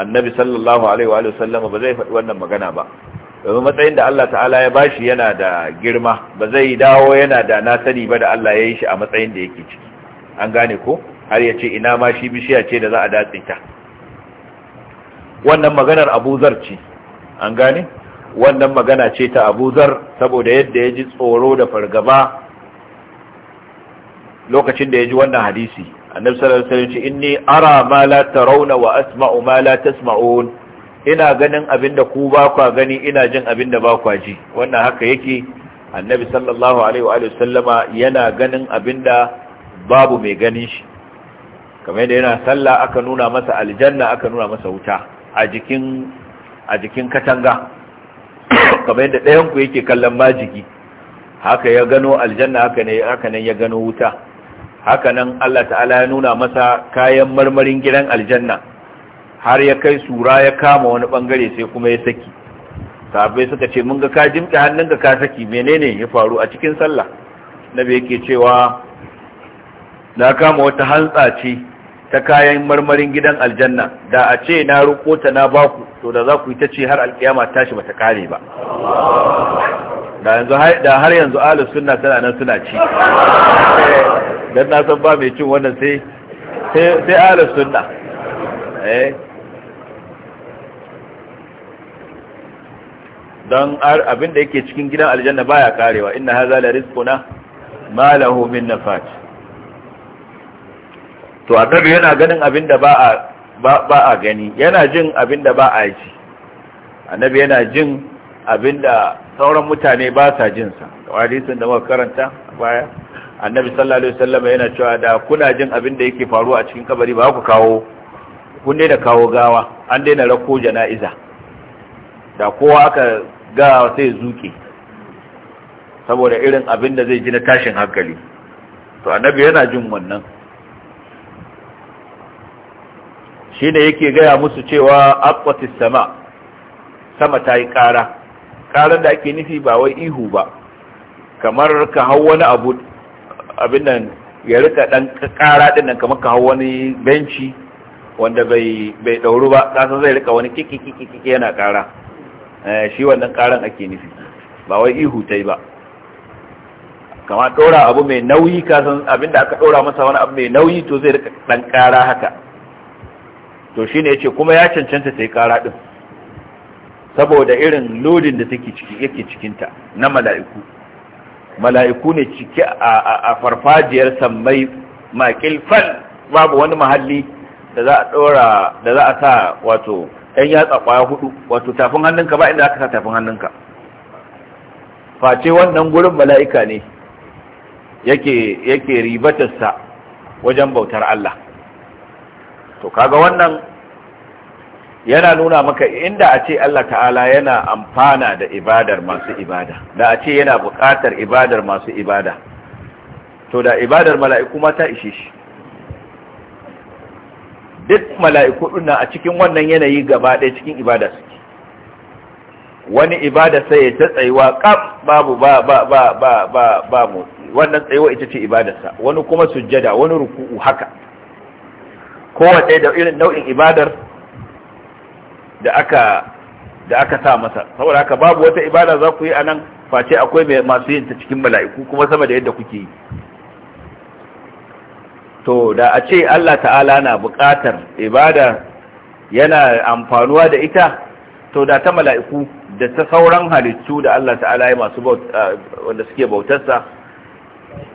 Speaker 2: annabi sallallahu alaihi wa sallam ba zai faɗi wannan magana ba domin matsayin da Allah ta'ala ya bashi yana da girma ba zai dawo yana da na sani ba da Allah ya yi shi a matsayin da yake ciki an gane ko har ya ce ina ma shi bishiya ce da za a datse ta wannan maganar abuzar ce an gane wannan magana ce ta abuzar saboda yadda ya ji tsoro da fargaba lokacin da ya ji wannan hadisi annabi sallallahu alaihi ce inni ara ma la tarawna wa asma'u ma la tasma'un ina ganin abin da ku ba kwa gani ina jin da ba kwa ji wannan haka yake annabi sallallahu alaihi wa sallama yana ganin abin da babu mai ganin shi kamar yadda yana sallah aka nuna masa aljanna aka nuna masa wuta a jikin katanga kamar yadda ɗayanku yake kallon majigi haka ya gano aljanna haka nan ya gano wuta haka nan Allah ta'ala ya nuna masa kayan marmarin gidan aljanna har ya kai sura ya kama wani bangare sai kuma ya saki sabai suka ce mun ga ka jimta hannun ka ka saki menene ya faru a cikin sallah nabi yake cewa na kama wata hantsa ce ta kayan marmarin gidan aljanna da a ce na ruko ta na baku to da za ku yi ta ce har alkiyama tashi ta kare ba da har yanzu ahlus suna tana nan suna ci
Speaker 3: eh, don
Speaker 2: na san ba mai cin wannan sai sai suna eh. don abin da yake cikin gidan aljanna baya karewa ina haza da risko ma lahu min fati. to annabi yana ganin abin da ba a ba a gani yana jin abin da ba a ji annabi yana jin abin da sauran mutane ba sa jin sa hadisin da muka karanta baya annabi sallallahu alaihi wasallam yana cewa da kuna jin abin da yake faruwa a cikin kabari ba ku kawo kun da kawo gawa an daina rako jana'iza da kowa aka ga sai zuke saboda irin abin da zai ji na tashin hankali to annabi yana jin wannan ne yake gaya musu cewa aqwatis sama sama ta yi ƙara ƙarar da ake nufi ba wai ihu ba kamar ka hau wani abu abin nan ya rika ɗan ƙara ɗin nan kamar ka hau wani benci wanda bai bai dauru ba kasan zai rika wani kiki kiki kiki yana kara eh, shi wannan karan ake nufi ba wai ihu tai ba kamar dora abu mai nauyi kasan abinda aka dora masa wani abu mai nauyi to zai rika dan kara haka to shine yace kuma ya cancanta ta yi kara din saboda irin lodin da take yake cikin na mala'iku mala'iku ne ciki a farfajiyar sammai makil fal babu wani mahalli da za a dora da za a sa wato ɗan yatsa ƙwaya hudu wato tafin hannunka ba inda aka sa tafin hannunka face wannan gurin mala'ika ne yake yake ribatarsa wajen bautar Allah to kaga wannan yana nuna maka inda a ce Allah ta'ala yana amfana da ibadar masu ibada da a ce yana buƙatar ibadar masu ibada to da ibadar mala'iku ma ta ishe shi duk mala'iku ɗuna a cikin wannan yanayi gaba ɗaya cikin ibada suke wani ibada sai ya ta tsayuwa ƙaf babu ba ba ba ba ba ba mu wannan tsayuwa ita ce ibadarsa wani kuma sujjada wani ruku'u haka kowace da irin nau'in ibadar da aka da aka sa masa saboda haka babu wata ibada za ku yi a nan face akwai mai masu yin ta cikin mala'iku kuma sama da yadda kuke yi to da a ce Allah ta'ala na buƙatar ibada yana amfanuwa da ita to da ta mala'iku da ta sauran halittu da Allah ta'ala ya masu wanda suke bautarsa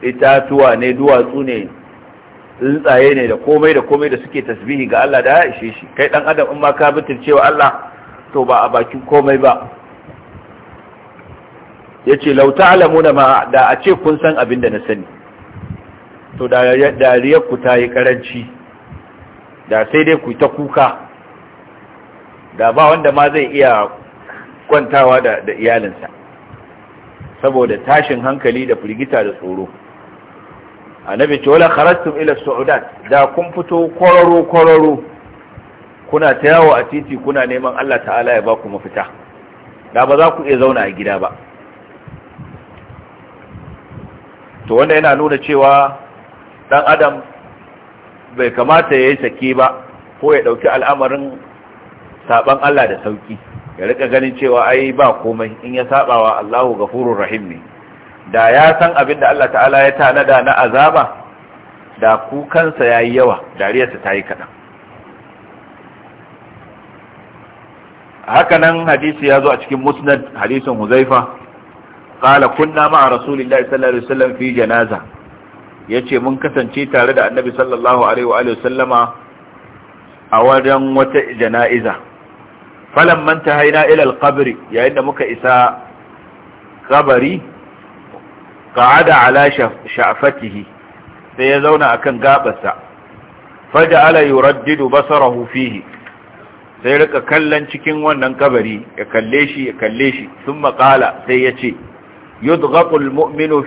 Speaker 2: itatuwa ne duwatsu ne tsuntsaye ne da komai da komai da suke tasbihi ga Allah da ya ishe shi kai dan adam in ma ka cewa Allah to ba a bakin komai ba yace law ta'lamuna ma da a ce kun san abin da na sani to da ku ta yi karanci da sai dai ku ta kuka da ba wanda ma zai iya kwantawa da iyalinsa saboda tashin hankali da firgita da tsoro annabi ce wala kharajtum ila su'udat da kun fito kororo kororo kuna ta yawo a titi kuna neman Allah ta'ala ya ba ku mafita da ba za ku iya zauna a gida ba to wanda yana nuna cewa dan adam bai kamata ya yi sake ba ko ya dauki al'amarin saban Allah da sauki ya rika ganin cewa ai ba komai in ya sabawa Allahu gafurur rahim ne da ya san abin da Allah ta'ala ya tanada na azaba da kukansa ya yi yawa dariyarsa ta yi kaɗan hakanan hadisi ya zo a cikin musnad hadisin huzaifa ƙala kunna ma'a rasulillahi sallallahu alaihi wasallam fi janaza yace mun kasance tare da annabi sallallahu alaihi wa a wajen wata jana'iza falamman tahaina ilal alqabri yayin da muka isa kabari qa'ada ala sha'fatihi sai ya zauna akan gabarsa faja'ala yuraddidu basarahu fihi sai rika kallon cikin wannan kabari ya kalle shi ya kalle shi thumma qala sai yace ce yudghaqu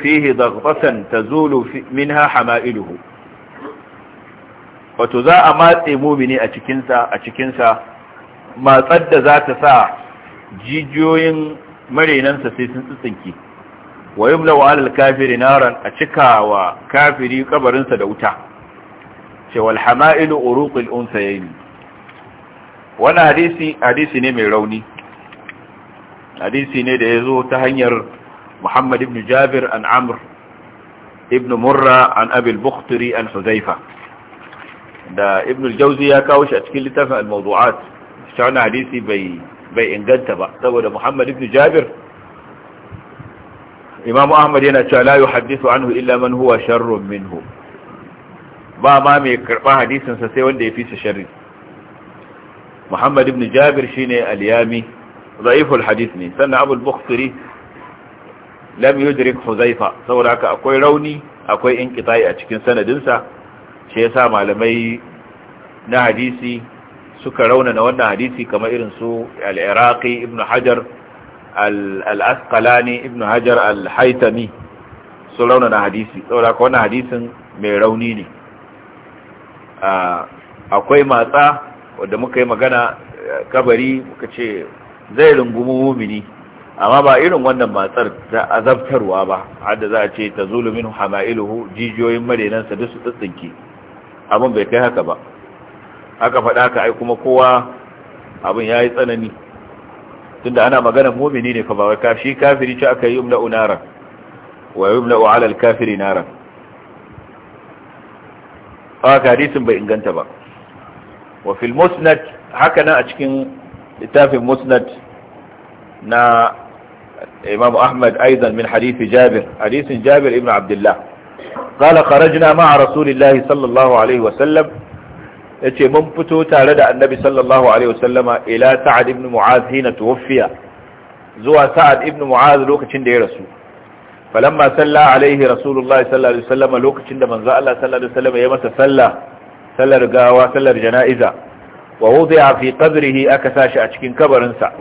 Speaker 2: fihi daghbatan tazulu minha hama'iluhu wato za a matse mumini a cikinsa a cikinsa matsar da za ta sa jijiyoyin marinansa sai sun tsinke wa yumlaw alal kafiri naran a cikawa kafiri kabarinsa da wuta ce wal hamailu uruqil unsayayn Wani hadisi hadisi ne mai rauni hadisi ne da ya zo ta hanyar Muhammad ibn Jabir an Amur, ibn Murra an Abi an Huzaifa da Ibn al ya kawo shi a cikin littafin al-Mawdu'at shi wani hadisi bai inganta ba saboda Muhammad ibn Jabir imamu ahmad yana cewa la yuhaddithu anhu illa man huwa sharrun minhu ba ma mai karba hadisin sa sai wanda ya fi sharri muhammad ibn jabir shine al-yami dhaiful hadith ne sannan abu al-bukhari lam yudrik huzaifa saboda haka akwai rauni akwai inqita'i a cikin sanadin sa shi yasa malamai na hadisi suka rauna na wannan hadisi kamar irin su al-iraqi ibn hajar al-asqalani ibn hajar al-haitami sun na hadisi saboda ka wannan hadisin mai rauni ne akwai matsa wadda muka yi magana kabari muka ce zai rungumi mumini amma ba irin wannan matsar da azabtarwa ba hadda za a ce ta zulumin hama'iluhu jijiyoyin marinansa duk su tsitsinki abin bai kai haka ba Haka faɗa ka ai kuma kowa abin ya yi tsanani tunda ana magana mumini ne fa ba ka shi kafiri ce aka yi yumla unara wa yumla ala al-kafiri nara ka hadisin bai inganta ba wa fil musnad haka nan a cikin littafin musnad na imam ahmad aidan min hadisi jabir hadisin jabir ibn abdullah قال خرجنا مع رسول الله صلى الله عليه وسلم yace mun fito tare da annabi sallallahu alaihi wasallama ila sa'ad ibn mu'az hina tuwfiya zuwa sa'ad ibn mu'az lokacin da ya rasu falamma salla alaihi rasulullahi sallallahu alaihi wasallama lokacin da manzo Allah sallallahu alaihi wasallama ya masa salla sallar gawa sallar jana'iza wa wudi'a fi qabrihi aka sashi a cikin kabarinsa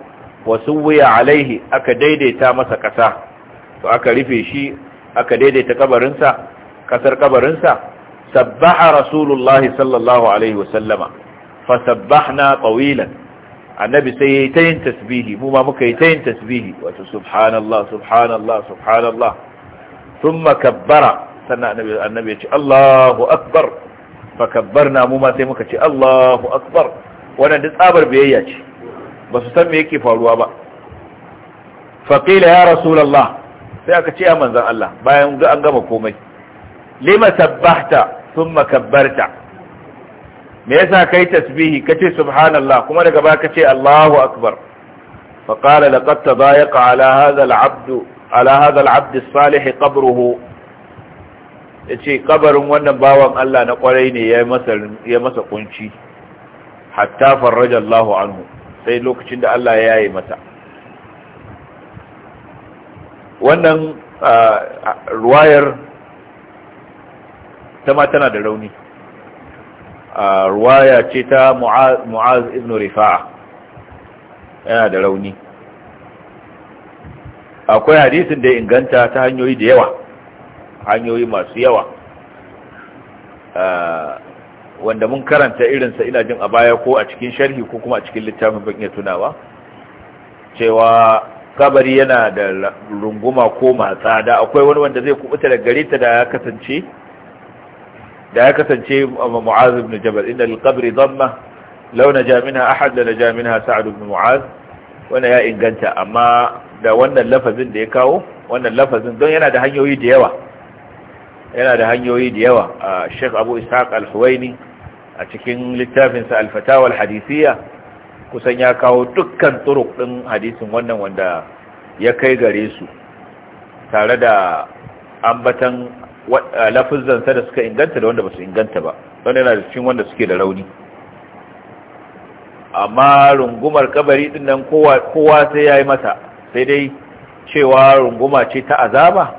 Speaker 2: wa suwiya alaihi aka daidaita masa kasa to aka rufe shi aka daidaita kabarinsa kasar kabarinsa sabbaha rasulullahi sallallahu alaihi wasallama fa tsabar biyayya ce ba san me yake faruwa ba ya sai aka ce Allah bayan an gama komai sun makabbarta me yasa kai tasbihi kace subhanallah kuma daga baka kace Allahu akbar fa qala laqad tadayaqa ala hadha al-abd ala hadha al-abd as-salih qabruhu yace kabarin wannan bawan Allah na kwarai ne ya masa ya masa kunci hatta farraja Allahu anhu sai lokacin da Allah ya yi mata wannan ah, ruwayar ita ma tana da rauni a ruwaya ce ta mu'az ibn rifa'a yana da rauni akwai hadisin da inganta ta hanyoyi da yawa hanyoyi masu yawa wanda mun karanta irinsa ina jin a baya ko a cikin sharhi ko kuma a cikin littafin bakin ya tunawa cewa kabari yana da runguma ko matsada akwai wani wanda zai kubuta da gare ta da ya kasance da ya kasance mu'az ibn jabal inda alqabri damma law naja minha ahad la naja minha sa'd ibn mu'az wanda ya inganta amma da wannan lafazin da ya kawo wannan lafazin don yana da hanyoyi da yawa yana da hanyoyi da yawa a Sheikh Abu Ishaq Al-Huwaini a cikin littafinsa Al-Fatawa Al-Hadisiyya kusan ya kawo dukkan turuk din hadisin wannan wanda ya kai gare su tare da ambatan lafizansa da suka inganta da wanda ba su inganta ba wanda yana da cikin wanda suke da rauni amma rungumar kabari din nan kowa sai ya yi mata sai dai cewa runguma ce ta azaba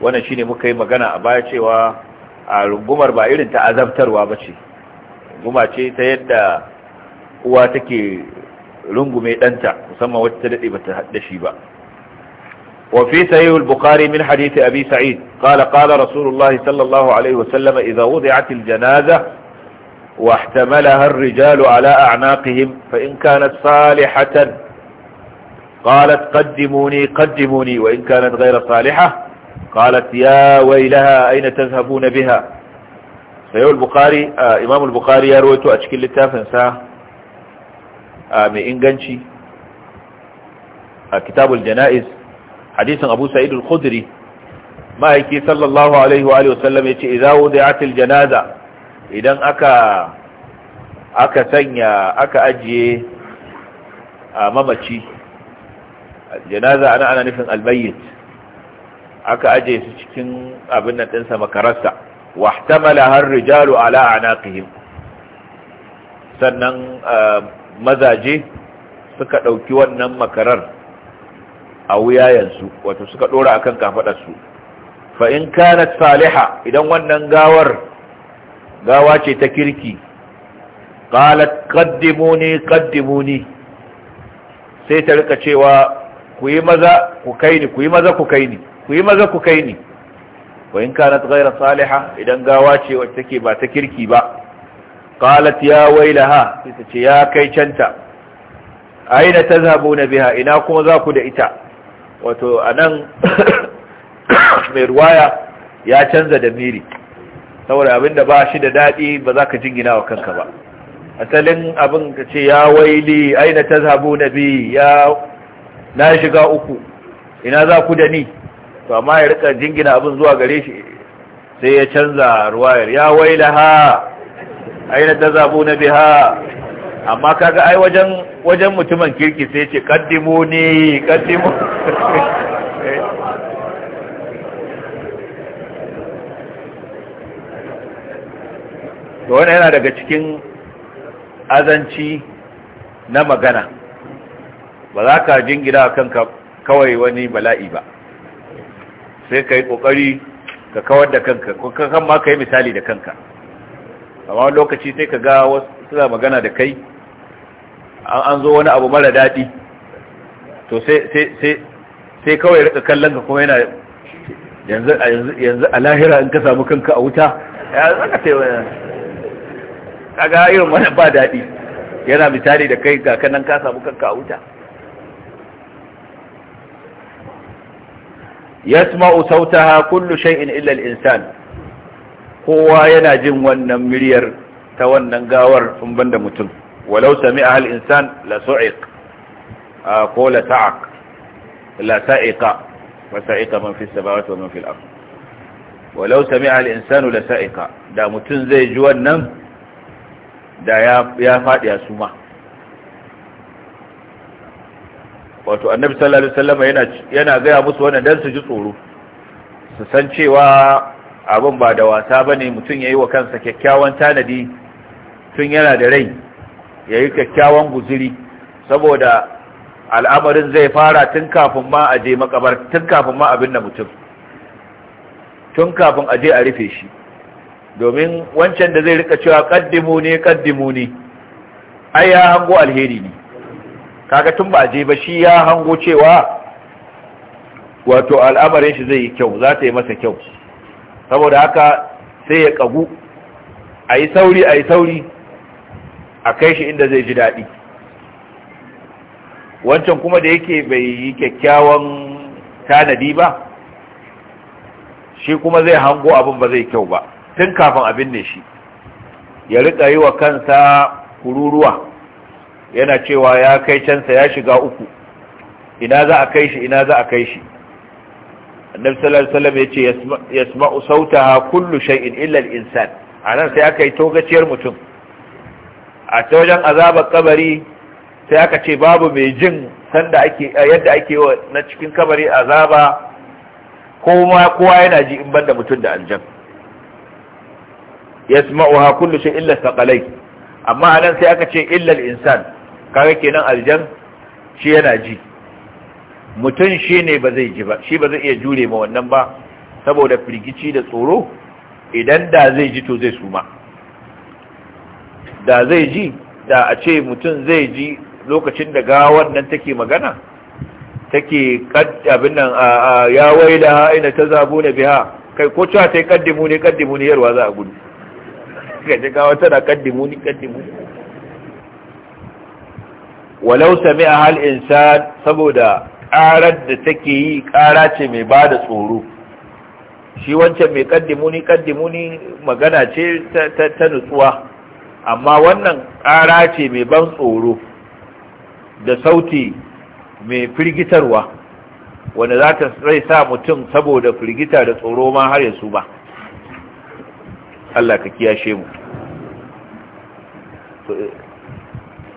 Speaker 2: wannan shine muka yi magana a baya cewa a rungumar ba irin ta azabtarwa ba ce runguma ce ta yadda uwa take rungume ɗanta musamman wacce ta daɗe bata ta shi ba وفي سيه البخاري من حديث أبي سعيد قال قال رسول الله صلى الله عليه وسلم إذا وضعت الجنازة واحتملها الرجال على أعناقهم فإن كانت صالحة قالت قدموني قدموني وإن كانت غير صالحة قالت يا ويلها أين تذهبون بها سيه البخاري آه إمام البخاري يرويته أشكل التافنسا آه من إنجنشي آه كتاب الجنائز hadisin abu sa'id al-khudri ma'aiki sallallahu alaihi wa alihi wasallam yace idza wudi'atil janaza idan aka aka sanya aka ajiye a mamaci janaza ana ana nufin almayyit aka ajiye su cikin abin nan dinsa makararsa wahtamala har rijalu ala anaqihim sannan mazaje suka dauki wannan makarar a wuyayensu wato suka dora akan kafadarsu fa in kanat saliha idan wannan gawar gawa ce ta kirki qalat qaddimuni qaddimuni sai ta rika cewa ku yi maza ku kai ni ku yi maza ku kai ni ku yi maza ku kai ni wa in kanat ghayra saliha idan gawa ce wacce take ba ta kirki ba qalat ya wailaha sai ta ce ya kai canta aina tazhabuna biha ina kuma za ku da ita wato anan mai ruwaya ya canza da miri saboda abinda ba shi da daɗi ba za ka jingina wa kanka ba asalin abin ka ce ya waili aina ta zabu na bi ya na shiga uku ina za ku da ni to amma ya rika jingina abin zuwa gare shi sai ya canza ruwayar ya waila ha aina ta zabu na bi ha amma kaga ai wajen wajen mutumin kirki sai ce kaddimo ne kaddimo to wannan yana daga cikin azanci na magana ba za ka jingina kanka kawai wani bala'i ba sai ka yi ƙoƙari ka kawar da kanka ko kan ma ka yi misali da kanka amma lokaci sai ka ga wasu suna magana da kai an zo wani abu mara daɗi to sai kawai rika kallon ka kuma yana yanzu a lahira in ka samu kanka a wuta ya zaka ce wani kaga irin wani ba daɗi yana misali da kai ga kanan ka samu kanka a wuta yasma'u sautaha kullu shay'in illa al-insan kowa yana jin wannan miryar ta wannan gawar sun banda mutum walau sami ahal insan la su'iq ko la ta'aq la sa'iqa wa sa'iqa man fi samawati wa man fil ard walau sami ahal insanu la sa'iqa da mutum zai ji wannan da ya ya fadi a suma wato annabi sallallahu alaihi wasallam yana yana ga musu wannan dan su ji tsoro su san cewa abin ba da wasa ba ne mutum ya yi wa kansa kyakkyawan tanadi tun yana da rai ya yi kyakkyawan guziri saboda al'amarin zai fara tun kafin ma a je makabar tun kafin ma abin da mutum tun kafin a je a rufe shi domin wancan da zai rika cewa kaddimu ne kaddimu ne ai ya hango alheri ne kaga tun ba a je ba shi ya hango cewa wato al'amarin shi zai yi kyau za ta yi masa kyau saboda haka sai ya kagu a yi sauri a yi sauri a kai shi inda zai ji daɗi wancan kuma da yake bai yi kyakkyawan tanadi ba shi kuma zai hango abin ba zai kyau ba tun kafin abin ne shi ya riƙa yi wa kansa kururuwa yana cewa ya kai cansa ya shiga uku ina za a kai shi ina za a kai shi annabi sallallahu alaihi wasallam yace yasma'u sautaha kullu shay'in illa al-insan anan sai aka yi togaciyar mutum a ta wajen azabar kabari sai aka ce babu mai jin sanda ake yadda ake wa na cikin kabari azaba kowa kowa yana ji in banda mutum da aljan yasma'uha kullu shay'in illa saqalai amma anan sai aka ce illa al-insan kaga kenan aljan shi yana ji mutum shi ne ba zai ji ba shi ba zai iya jure ma wannan ba saboda firgici da tsoro idan da zai ji to zai suma da zai ji da a ce mutum zai ji lokacin da gawar nan take magana take abin nan ya waila ina ta zabo na biha kai ko cewa ta yi kaddimu ne kaddimu ne yarwa za a gudu gaji gawar tana kaddimu ne kaddimu ne walau sami a hal insan saboda ƙarar da take yi kara ce mai ba da tsoro shi wancan mai kaddimuni kaddimuni magana ce ta nutsuwa amma wannan ƙara ce mai ban tsoro da sauti mai firgitarwa wanda za ta rai sa mutum saboda firgita da tsoro ma har yasu ba Allah ka kiyashe mu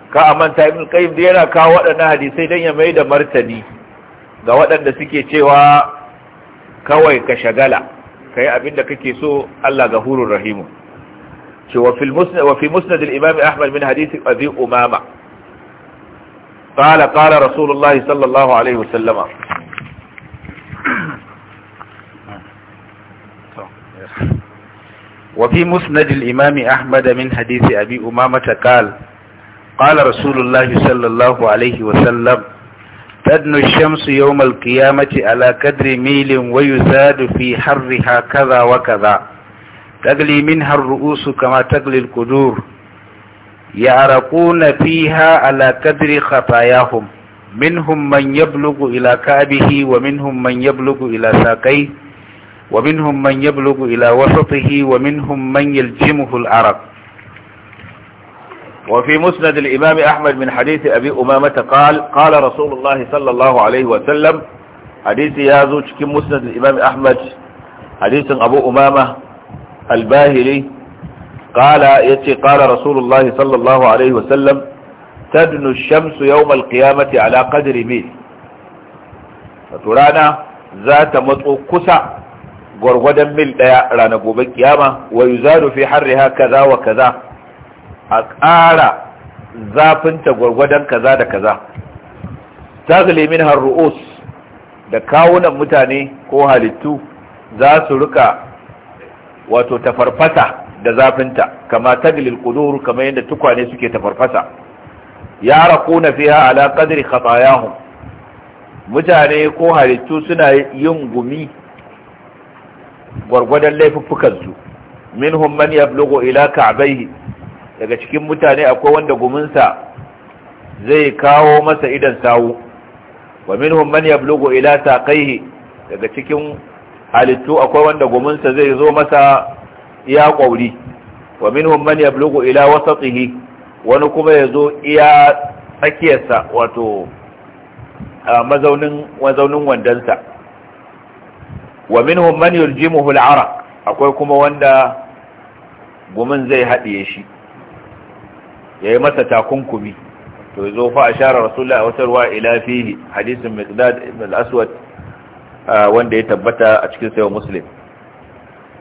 Speaker 2: ka amanta ibn kayyim da yana kawo waɗannan hadisai don ya mai da martani ga waɗanda suke cewa kawai ka shagala ka yi abin da kake so Allah ga hurun rahimu ce wa fi musnad al Ahmad min hadisi Abi Umama qala qala Rasulullahi sallallahu alaihi wasallama
Speaker 1: وفي تدنو الشمس يوم القيامة على قدر ميل ويزاد في حرها كذا وكذا تغلي منها الرؤوس كما تغلي القدور يعرقون فيها على قدر خطاياهم منهم من يبلغ إلى كعبه ومنهم من يبلغ إلى ساقيه ومنهم من يبلغ إلى وسطه ومنهم من يلجمه العرق وفي مسند الإمام أحمد من حديث
Speaker 2: أبي أمامة قال قال رسول الله صلى الله عليه وسلم حديث يازو كم مسند الإمام أحمد حديث أبو أمامة الباهلي قال يتي قال رسول الله صلى الله عليه وسلم تدنو الشمس يوم القيامة على قدر ميل فترانا ذات مطق كسع gwargwadon ميل daya ranar gobe ويزال في حرها كذا وكذا a ƙara zafinta gwargwadon kaza da kaza ta min har da kawunan mutane ko halittu za su rika wato tafarfasa da zafinta kama gilil kuduru kama yadda tukwane suke tafarfasa ya na fiye ala qadri khatayahum mutane ko halittu suna yin gumi gwargwadon laifuffukansu minhum ya yablughu ila ka daga cikin mutane akwai wanda guminsa zai kawo masa idan sawu wa minhum man yablugu ila saqaihi daga cikin halittu akwai wanda guminsa zai zo masa iya kwauri wa minhum man yablugu ila wasatihi wani kuma ya zo iya tsakiyarsa wato mazaunin mazaunin wandansa wa minhum man yuljimuhu al'araq akwai kuma wanda gumin zai haɗiye shi ya yi masa takunkumi to zo fa ashara rasulullah a wata ruwa ila fihi hadisin miqdad ibn wanda ya tabbata a cikin sayo muslim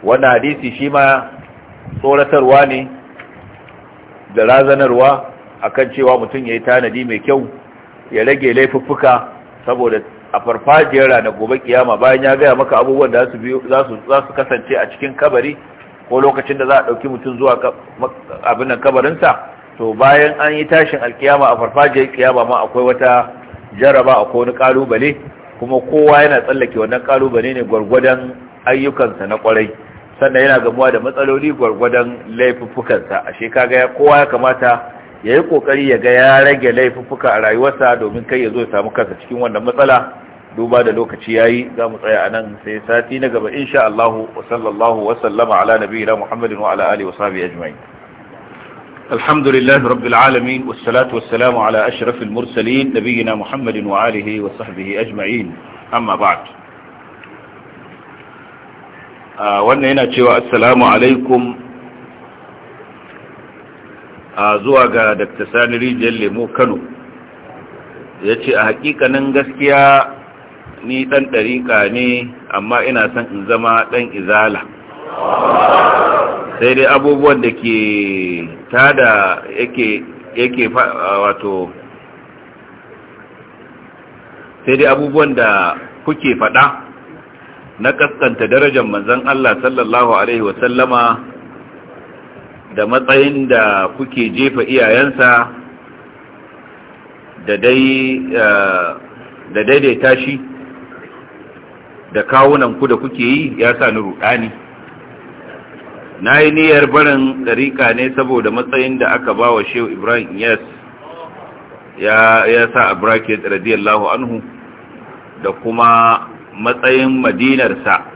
Speaker 2: wannan hadisi shi ma tsoratarwa ne da razanarwa akan cewa mutum ya yi tanadi mai kyau ya rage laifuffuka saboda a farfajiyar ranar gobe kiyama bayan ya gaya maka abubuwan da za su kasance a cikin kabari ko lokacin da za a ɗauki mutum zuwa abinan kabarinsa to bayan an yi tashin alkiyama a farfajiyar kiyama ma akwai wata jaraba akwai wani kalubale kuma kowa yana tsallake wannan kalubale ne gwargwadon ayyukansa na kwarai sannan yana gamuwa da matsaloli gwargwadon laifuffukansa a shekaga kowa ya kamata ya yi kokari ya ga ya rage laifuffuka a rayuwarsa domin kai ya zo ya samu kansa cikin wannan matsala duba da lokaci yayi za mu tsaya anan sai sati na gaba insha Allah wa sallallahu wa sallama ala nabiyina Muhammadin wa ala alihi wa sahbihi ajma'in الحمد لله رب العالمين والصلاة والسلام على أشرف المرسلين نبينا محمد وآله وصحبه أجمعين أما بعد wannan yana cewa assalamu alaikum a ah, zuwa ga dr sani rijiyar lemo kano ya ce a nan gaskiya ni ɗan ɗariƙa ne amma ina son in zama ɗan izala sai dai abubuwan da ke tada yake yake wato sai dai abubuwan da kuke faɗa na kaskanta darajar manzon Allah sallallahu alaihi wasallama da matsayin da kuke jefa iyayensa da dai da daidaita shi da kawunanku da kuke yi ya sa ni ruɗani na yi niyyar barin ɗariƙa ne saboda matsayin da aka ba wa shehu ibrahim yes ya sa a bracket radiyallahu anhu da kuma matsayin madinarsa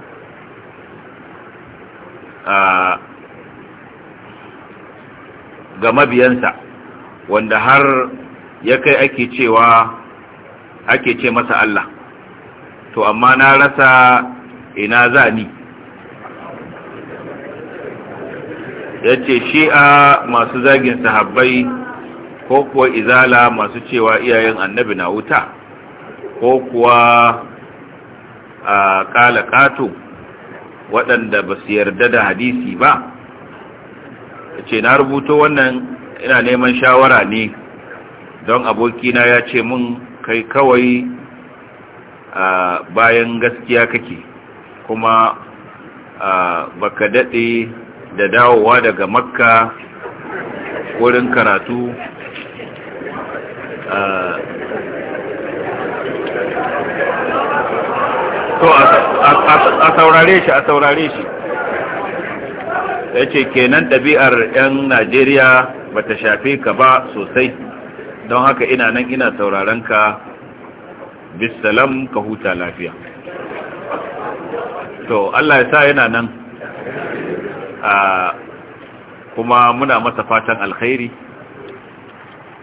Speaker 2: ga mabiyansa wanda har ya kai ake cewa ake ce masa Allah to amma na rasa ina za ni ya ce shi'a masu zagin sahabbai ko kuwa izala masu cewa iyayen annabi na wuta ko kuwa a kala kato waɗanda ba su yarda da hadisi ba ya ce na rubuto wannan ina neman shawara ne don abokina ya ce mun kai kawai bayan gaskiya kake kuma baka daɗe da dawowa daga makka wurin karatu to a saurare shi a saurare shi ya ce kenan ɗabi'ar 'yan najeriya bata ta shafe ka ba sosai don haka ina nan ina sauraren ka bisalam ka huta lafiya to allah ya sa yana nan kuma muna masa fatan alkhairi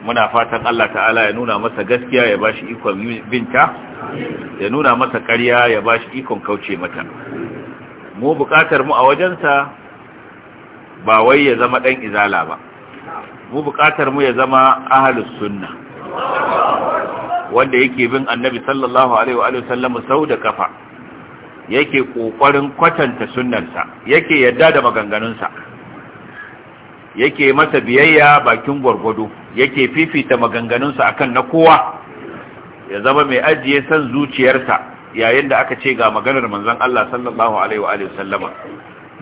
Speaker 2: muna fatan Allah ta'ala ya nuna masa gaskiya ya bashi ikon binta ya nuna masa ƙarya ya bashi ikon kauce mata mu buƙatar mu a wajensa ba wai ya zama ɗan izala ba mu buƙatar mu ya zama ahalus sunna wanda yake bin annabi sallallahu alaihi wa sallam sau da kafa yake kokarin kwatanta sunansa yake yadda da maganganunsa yake masa biyayya bakin gwargwado yake fifita maganganunsa akan na kowa ya zama mai ajiye san zuciyarsa yayin da aka ce ga maganar manzon Allah sallallahu alaihi wa sallama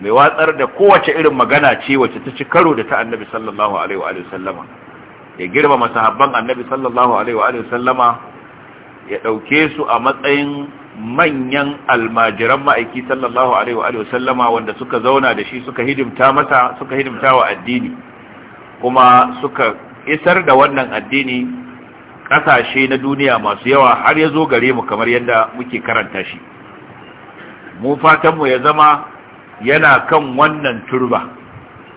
Speaker 2: mai watsar da kowace irin magana ce wacce ta ci karo da ta annabi sallallahu alaihi wa sallama ya girma masahabban annabi sallallahu alaihi wa sallama ya dauke su a matsayin manyan almajiran ma'aiki sallallahu alaihi wa sallama wanda suka zauna da shi suka hidimta masa suka hidimta wa addini kuma suka isar da wannan addini kasashe na duniya masu yawa har ya zo gare mu kamar yadda muke karanta shi mu fatanmu ya zama yana kan wannan turba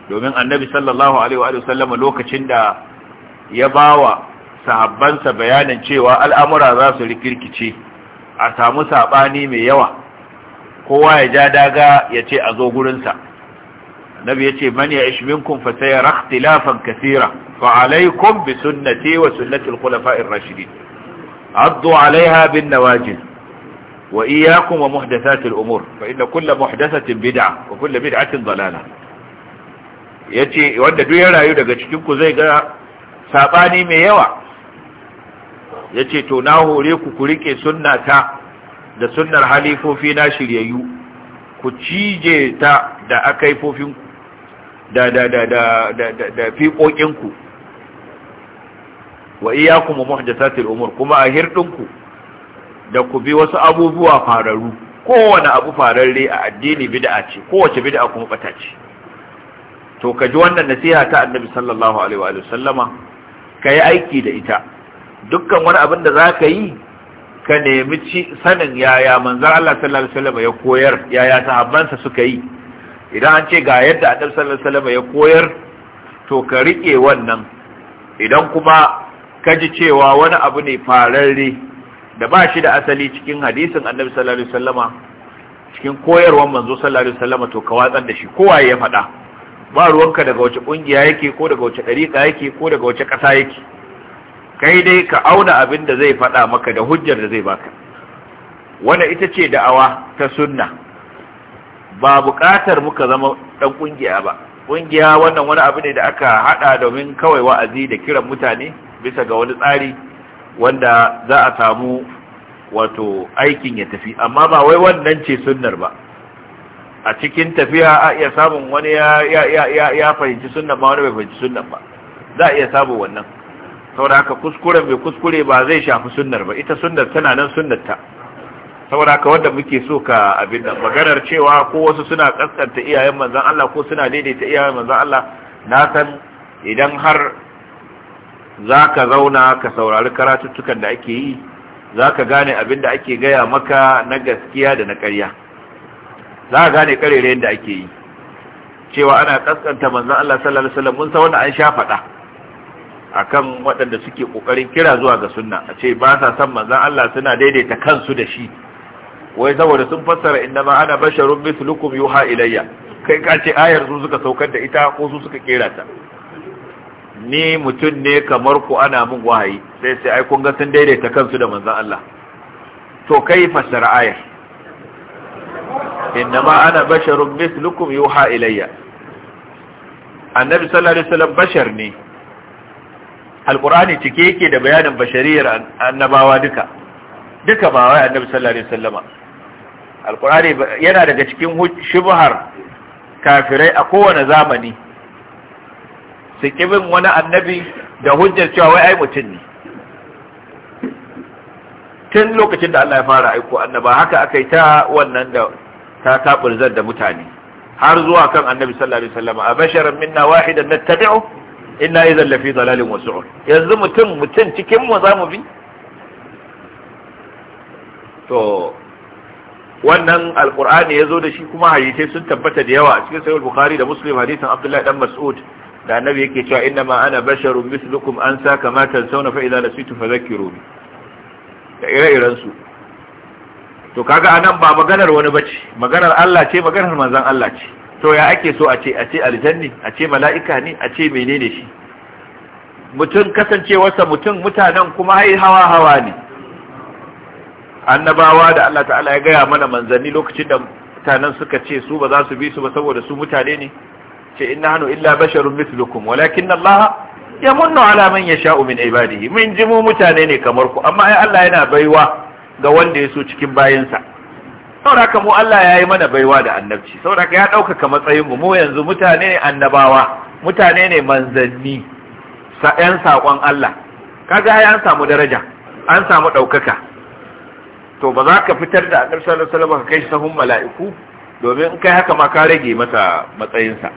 Speaker 2: domin annabi sallallahu alaihi wa sallama lokacin da ya ba wa sahabbansa bayanin cewa al'amura za su rikirkice a samu saɓani mai yawa kowa ya ja daga ya ce a zo gurinsa nabi ya ce man ya ishminkum fa sai rakhtilafan kathira fa alaikum bi sunnati wa sunnati al-khulafa'i ar-rashidin addu 'alayha bin nawajid wa iyyakum wa muhdathati al-umur fa inna kull muhdathatin bid'ah wa kull bid'atin dalalah yace wanda duk ya rayu daga cikin ku zai ga sabani mai yawa Ya ce to na hore ku ku rike ta da sunnar halifofi na shiryayyu ku cije ta da aka da da da da da da fiƙoƙinku wa iyyakum muhdathatil umur kuma a hirdinku da ku bi wasu abubuwa fararu kowane abu fararre a addini bid'a ce kowace bid'a kuma bata ce to kaji wannan nasiha ta annabi sallallahu alaihi wa sallama ka aiki da ita dukkan wani abin da za ka yi ka nemi sanin yaya manzan Allah sallallahu alaihi wasallam ya koyar yaya sahabbansa suka yi idan an ce ga yadda annabi sallallahu alaihi wasallam ya koyar to ka rike wannan idan kuma ka ji cewa wani abu ne fararre da ba shi da asali cikin hadisin annabi sallallahu alaihi wasallama cikin koyarwar manzo sallallahu alaihi wasallama to ka watsar da shi kowa ya faɗa ba ruwanka daga wace kungiya yake ko daga wace dariƙa yake ko daga wace ƙasa yake kai dai ka auna abin da zai faɗa maka da hujjar da zai baka wanda ita ce da'awa ta sunna ba buƙatar muka zama ɗan ƙungiya ba ƙungiya wannan wani abu ne da aka haɗa domin kawai wa'azi da kiran mutane bisa ga wani tsari wanda za a samu wato aikin ya tafi amma ba wai wannan ce sunnar ba a cikin tafiya a iya samun wani ya fahimci sunnan ba wani bai fahimci sunnan ba za a iya samun wannan saboda haka kuskuren bai kuskure ba zai shafi sunnar ba ita sunnar tana nan sunnarta saboda haka wanda muke so ka abin nan maganar cewa ko wasu suna kaskanta iyayen manzon Allah ko suna daidaita iyayen manzon Allah na san idan har za ka zauna ka saurari karatuttukan da ake yi za ka gane abin da ake gaya maka na gaskiya da na ƙarya za ka gane ƙarerayen da ake yi cewa ana kaskanta manzon Allah sallallahu alaihi wasallam mun san wanda an sha faɗa akan waɗanda suke ƙoƙarin kira zuwa ga sunna a ce ba sa san manzan Allah suna daidaita kansu da shi wai saboda sun fassara inna ma ana basharun mislukum yuha ilayya kai ka ce ayar su suka saukar da ita ko su suka kera ta ni mutum ne kamar ku ana min wahayi sai sai ai kun ga sun daidaita kansu da manzan Allah to kai fassara ayar inna ma ana basharun mislukum yuha ilayya annabi sallallahu alaihi wasallam bashar ne alqur'ani cike yake da bayanin bashariyar annabawa duka duka ba wai annabi sallallahu alaihi wasallama alqur'ani yana daga cikin shubhar kafirai a kowane zamani su kibin wani annabi da hujjar cewa wai ai mutum ne tun lokacin da Allah ya fara aiko annaba haka aka yi ta wannan da ta taburzar da mutane har zuwa kan annabi sallallahu alaihi wasallama a basharan minna wahidan nattabi'u inna idhan lafi zalalin wasu yanzu mutum mutum cikin mu za mu bi to wannan ya zo da shi kuma hadisi sun tabbata da yawa a cikin sahih bukhari da muslim hadisin abdullahi dan mas'ud da annabi yake cewa inna ma ana basharun mislukum an sa kama sauna fa idza nasitu fadhakkiruni da ire-iren su to kaga anan ba maganar wani bace maganar Allah ce maganar manzon Allah ce to ya ake so a ce a ce aljanni a ce mala'ika ne a ce menene shi mutum kasancewarsa mutum mutanen kuma ai hawa hawa ne annabawa da Allah ta'ala ya gaya mana manzanni lokacin da mutanen suka ce su ba za su bi su ba saboda su mutane ne ce inna hanu illa basharun mithlukum walakin Allah ya munnu ala man yasha'u min ibadihi min jimu mutane ne kamar ku amma ai Allah yana baiwa ga wanda ya so cikin bayinsa sauraka mu Allah ya yi mana baiwa da annabci sauraka ya ɗaukaka matsayinmu mu yanzu mutane ne annabawa mutane ne manzanni ‘yan saƙon Allah kaga ya an samu daraja an samu ɗaukaka to ba za ka fitar da annabi sallallahu alaihi wasallam ka kai shi sahun mala'iku domin in kai haka ma ka rage masa matsayinsa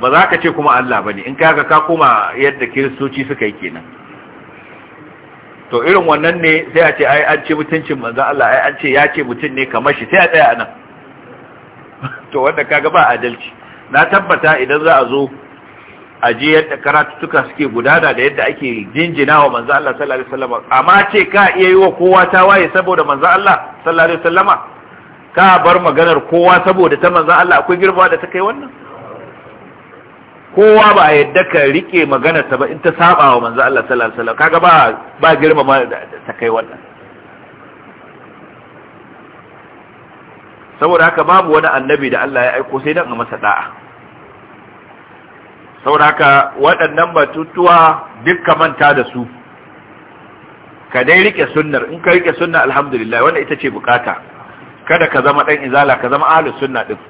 Speaker 2: ba za ka ce kuma Allah bane in kai haka ka koma yadda kiristoci suka yi kenan to irin wannan ne sai a ce ai an ce mutuncin manzo Allah ai an ce ya ce mutun ne kamar shi sai a tsaya anan to wanda kaga ba adalci na tabbata idan za a zo a je yadda karatutuka suke gudana da yadda ake jinjina wa manzo Allah sallallahu alaihi wasallam amma ce ka iya yi wa kowa ta waye saboda manzo Allah sallallahu alaihi wasallama ka bar maganar kowa saboda ta manzo Allah akwai girma da ta kai wannan kowa ba a yadda ka rike magana ta ba in ta saba wa manzo Allah sallallahu alaihi wasallam kaga ba ba ma ta kai wannan saboda haka babu wani annabi da Allah ya aiko sai dan a masa da'a saboda haka waɗannan batutuwa dukkan manta da su ka dai rike sunnar in ka rike sunna alhamdulillah Wannan ita ce bukata kada ka zama dan izala ka zama ahlus sunna din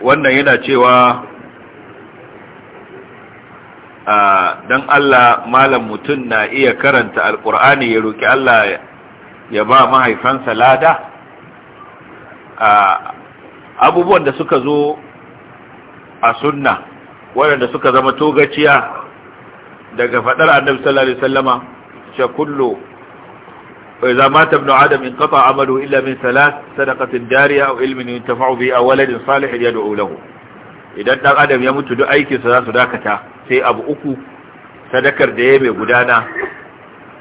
Speaker 2: wannan yana cewa a dan Allah malam mutum na iya karanta alkur'ani ya roki Allah ya ba mahaifansa lada a abubuwan da suka zo a sunna waɗanda suka zama togaciya daga faɗar annabi sallallahu alaihi wasallama ce kullu وإذا مات ابن عدم انقطع عمله إلا من ثلاث صدقة جارية أو علم ينتفع به أو ولد صالح يدعو له إذا ابن عدم يموت دو أي ثلاث صدقة سي أبو أكو صدقر da ya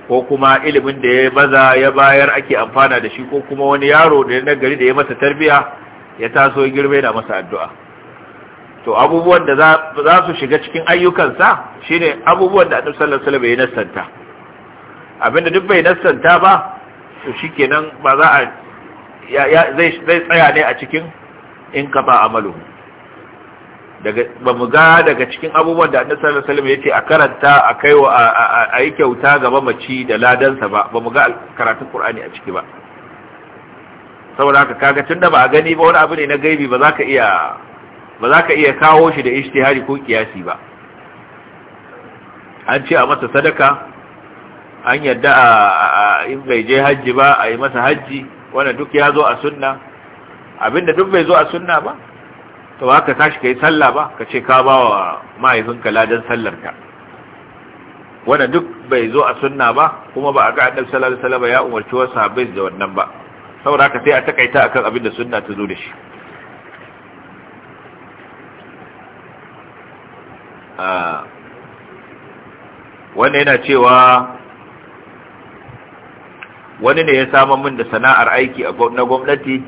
Speaker 2: وكما علم ko مزا يباير أكي أمفانا maza ya ونيارو ake قريد da shi تربية يتاسو يقربين yaro الدعاء to abubuwan da za su shiga cikin ayyukansa shine abubuwan da annabi sallallahu alaihi wasallam ya nasanta abinda duk bai nassanta ba to shikenan ba za a zai tsaya ne a cikin in ka ba amalu ba mu ga daga cikin abubuwan da annabi sallallahu alaihi wasallam yace a karanta a kai a yi kyauta ga mamaci da ladansa ba ba mu ga karatun qur'ani a ciki ba saboda haka kaga tunda ba a gani ba wani abu ne na gaibi ba za ka iya ba za ka iya kawo shi da ijtihadi ko kiyasi ba an ce a masa sadaka an yadda a in bai je hajji ba a yi masa hajji wanda duk ya zo a sunna abinda duk bai zo a sunna ba to ba ka tashi ka yi sallah ba ka ce ka ba wa mahaifinka ladan sallarka wanda duk bai zo a sunna ba kuma ba a ga annabi sallallahu alaihi wasallam ya umarci wasu sahabbai da wannan ba saboda ka sai a takaita akan abin da sunna ta zo da shi wanda yana cewa wani ne ya samu min da sana'ar aiki a na gwamnati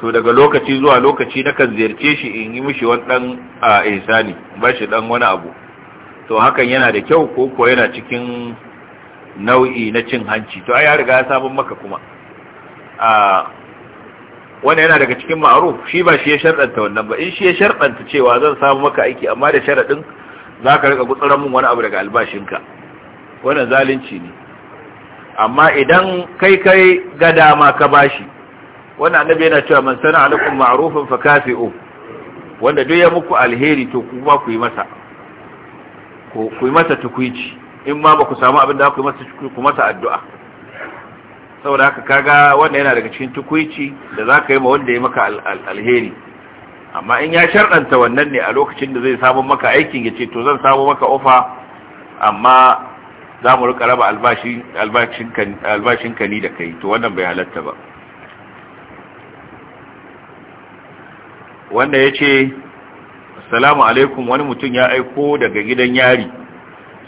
Speaker 2: to daga lokaci zuwa lokaci na kan ziyarce shi in yi mishi wani dan a ihsani ba shi dan wani abu to hakan yana da kyau ko ko yana cikin nau'i na cin hanci to ai ya riga ya samun maka kuma a wani yana daga cikin ma'aruf shi ba shi ya sharɗanta wannan ba in shi ya sharɗanta cewa zan samu maka aiki amma da sharaɗin za ka riƙa gutsuran min wani abu daga albashinka wannan zalunci ne amma idan kai kai ga dama ka bashi wannan annabi yana cewa man sana alaikum ma'rufan fa kafi'u wanda duk ya muku alheri to kuma ku yi masa ku yi masa tukuici in ma ba ku samu abin da ku yi masa tukuici ku masa addu'a saboda haka kaga wanda yana daga cikin tukuici da za ka yi ma wanda ya maka alheri amma in ya sharɗanta wannan ne a lokacin da zai samu maka aikin ya ce to zan samu maka ofa amma za mu rika raba albashinka ni da kai to wannan bai halatta ba wanda ya ce salamu alaikum wani mutum ya aiko daga gidan yari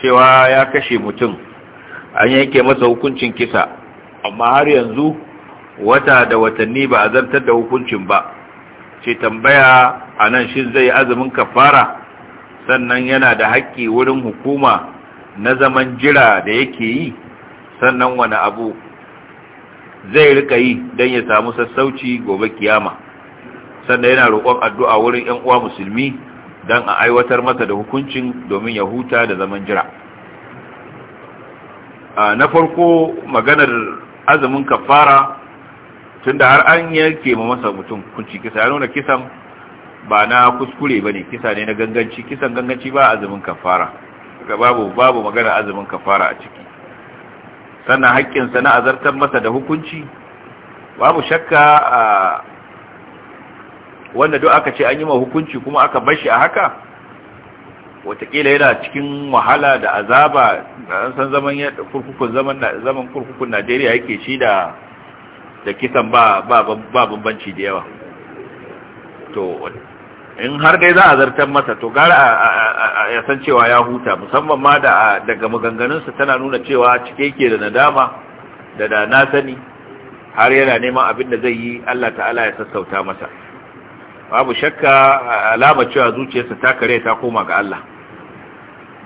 Speaker 2: cewa ya kashe mutum an yanke masa hukuncin kisa amma har yanzu wata da watanni ba a zartar da hukuncin ba ce tambaya a nan shi zai azumin kafara sannan yana da haƙƙi wurin hukuma na zaman jira da yake yi sannan wani abu zai rika yi don ya samu sassauci gobe kiyama sannan yana roƙon addu'a wurin ‘yan uwa musulmi don a aiwatar masa da hukuncin domin ya huta da zaman jira na farko maganar azumin kafara tun da har an yanke ma masa mutum kunci kisa ya nuna kisan ba na kuskure ba ne kisa ne na ganganci kisan ganganci ba azumin kafara ka babu babu magana azumin kafara a ciki sannan haƙƙinsa na azartar masa da hukunci babu shakka a wanda duk aka ce an yi ma hukunci kuma aka bar shi a haka watakila yana cikin wahala da azaba an san zaman kurkukun zaman zaman kurkukun Najeriya yake shi da kisan ba ba bambanci da yawa in har dai za a zartar masa to gara ya san cewa ya huta musamman ma da daga maganganunsa tana nuna cewa cike yake da nadama da da na sani har yana neman abin da zai yi Allah ta'ala ya sassauta masa babu shakka alama cewa zuciyarsa ta kare ta koma ga Allah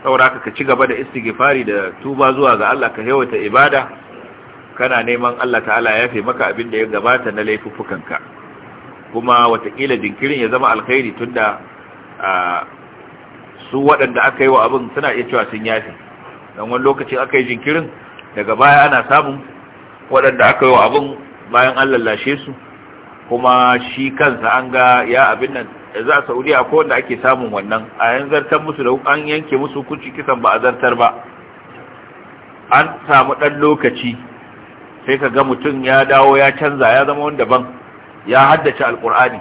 Speaker 2: saboda haka ka ci gaba da istighfari da tuba zuwa ga Allah ka yawaita ibada kana neman Allah ta'ala ya yafe maka abin da ya gabata na ka. kuma watakila jinkirin ya zama alkhairi tunda su waɗanda aka yi wa abin suna iya cewa sun yafi don wani lokacin aka yi jinkirin daga baya ana samun waɗanda aka yi wa abin bayan an lallashe su kuma shi kansa an ga ya abin nan za a saudiya ko wanda ake samun wannan a yan zartar musu da an yanke musu kuci kisan ba a zartar ba an samu ɗan lokaci sai ka ga mutum ya dawo ya canza ya zama wani daban ya haddace alkur'ani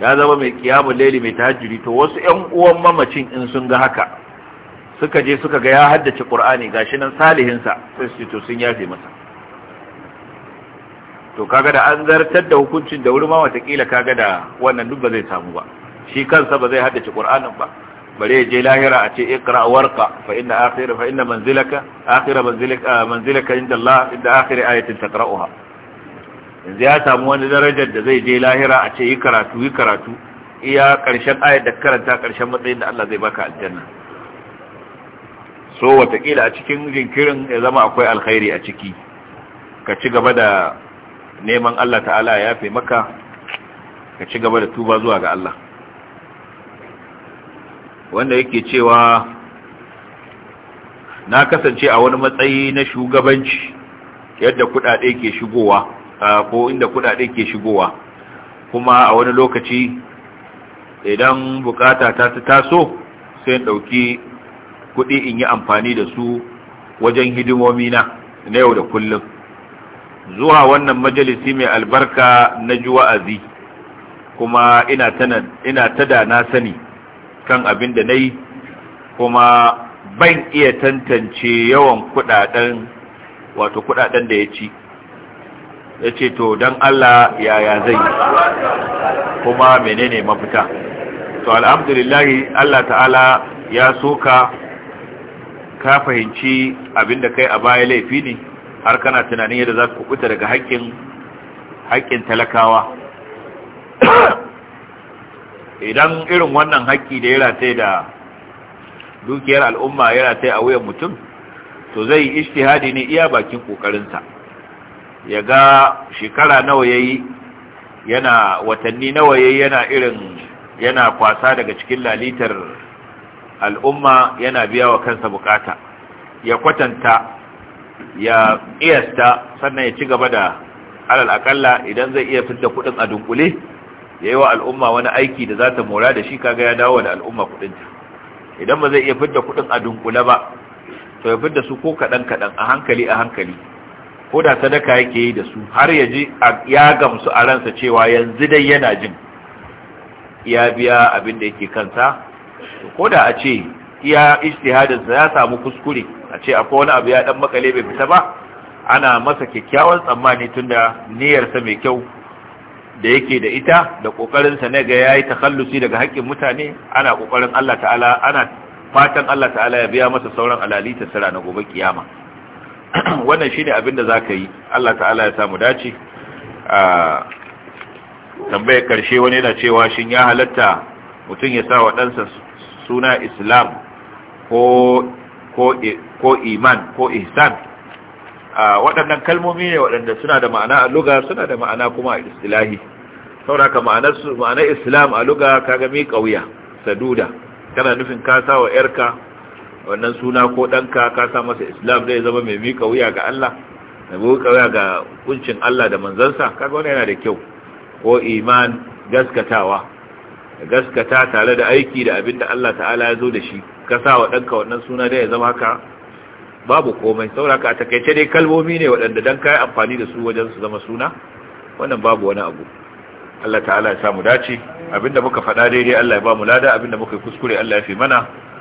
Speaker 2: ya zama mai kiyamun laili mai tahajjudi to wasu ƴan uwan mamacin in sun ga haka suka je suka ga ya haddace qur'ani gashi nan salihinsa sai su to sun yafe masa to kaga da an zartar da hukuncin da wurin ma watakila kaga da wannan duk ba zai samu ba shi kansa ba zai haddace qur'anin ba bare ya je lahira a ce iqra warqa fa inna akhira fa inna manzilaka akhira manzilaka manzilaka inda Allah inda akhira ayatin taqra'uha yanzu ya samu wani darajar da zai je lahira a ce yi karatu yi karatu iya ƙarshen ayat da karanta ƙarshen matsayin da Allah zai baka aljanna so watakila a cikin jinkirin ya zama akwai alkhairi a ciki ka ci gaba da neman Allah ta'ala ya yafe maka ka ci gaba da tuba zuwa ga Allah wanda yake cewa na kasance a wani matsayi na shugabanci yadda kuɗaɗe ke shigowa ko inda kuɗaɗe ke shigowa kuma a wani lokaci idan bukata ta taso sai in ɗauki kuɗi in yi amfani da su wajen hidimomi na na yau da kullum zuwa wannan majalisi mai albarka na ji wa'azi kuma ina tada na sani kan abin da na yi kuma ban iya tantance yawan kuɗaɗen wato kuɗaɗen da ya ci ya ce to don Allah yaya zai kuma menene mafita to alhamdulillahi Allah ta'ala ya soka ka fahimci abinda kai a baya laifi ne har kana tunanin yadda za ku kubuta daga haƙƙin haƙƙin talakawa idan irin wannan haƙƙi da ya rataye da dukiyar al'umma ya rataye a wuyan mutum to zai ishtihadi ne iya bakin ƙoƙarinsa ya ga shekara nawa ya yi, yana watanni nawa ya yana irin yana kwasa daga cikin lalitar al'umma yana biya wa kansa bukata ya kwatanta ya iyasta sannan ya ci gaba da alal akalla idan zai iya fitar kudin a dunkule ya yi wa al'umma wani aiki da za ta mora da shi kaga ya dawo da al'umma kudinta idan ba zai iya fitar kudin a dunkule ba to ya fitar su ko kaɗan kaɗan a hankali a hankali ko da sadaka yake yi da su har ya ji ya gamsu a ransa cewa yanzu dai yana jin ya biya abin da yake kansa ko da a ce iya ijtihadinsa ya samu kuskure a ce akwai wani abu ya dan makale bai fita ba ana masa kyakkyawan tsammani tunda da mai kyau da yake da ita da kokarin na ne ga yayi takhallusi daga haƙƙin mutane ana kokarin Allah ta'ala ana fatan Allah ta'ala ya biya masa sauran alali ta sara na gobe kiyama wannan shine abin da zaka yi Allah ta'ala ya samu dace a tambayar karshe wani yana cewa shin ya halatta mutum ya sa wa ɗansa suna Islam ko iman ko ihsan waɗannan kalmomi ne waɗanda suna da ma'ana a luga suna da ma'ana kuma a istilahi sauraka ma'anar islam a luga kaga mi ƙauya. saduda kana nufin ka sa wa yarka wannan suna ko ɗanka ka sa masa islam zai zama mai mika wuya ga Allah mai mika wuya ga kuncin Allah da manzansa kaga wannan yana da kyau ko iman gaskatawa gaskata tare da aiki da abin da Allah ta'ala ya zo da shi ka sa wa ɗanka wannan suna zai ya zama haka babu komai sauraka a takaice dai kalmomi ne waɗanda dan kayi amfani da su wajen su zama suna wannan babu wani abu Allah ta'ala ya samu dace abinda muka faɗa daidai Allah ya ba mu lada abinda muka kuskure Allah ya fi mana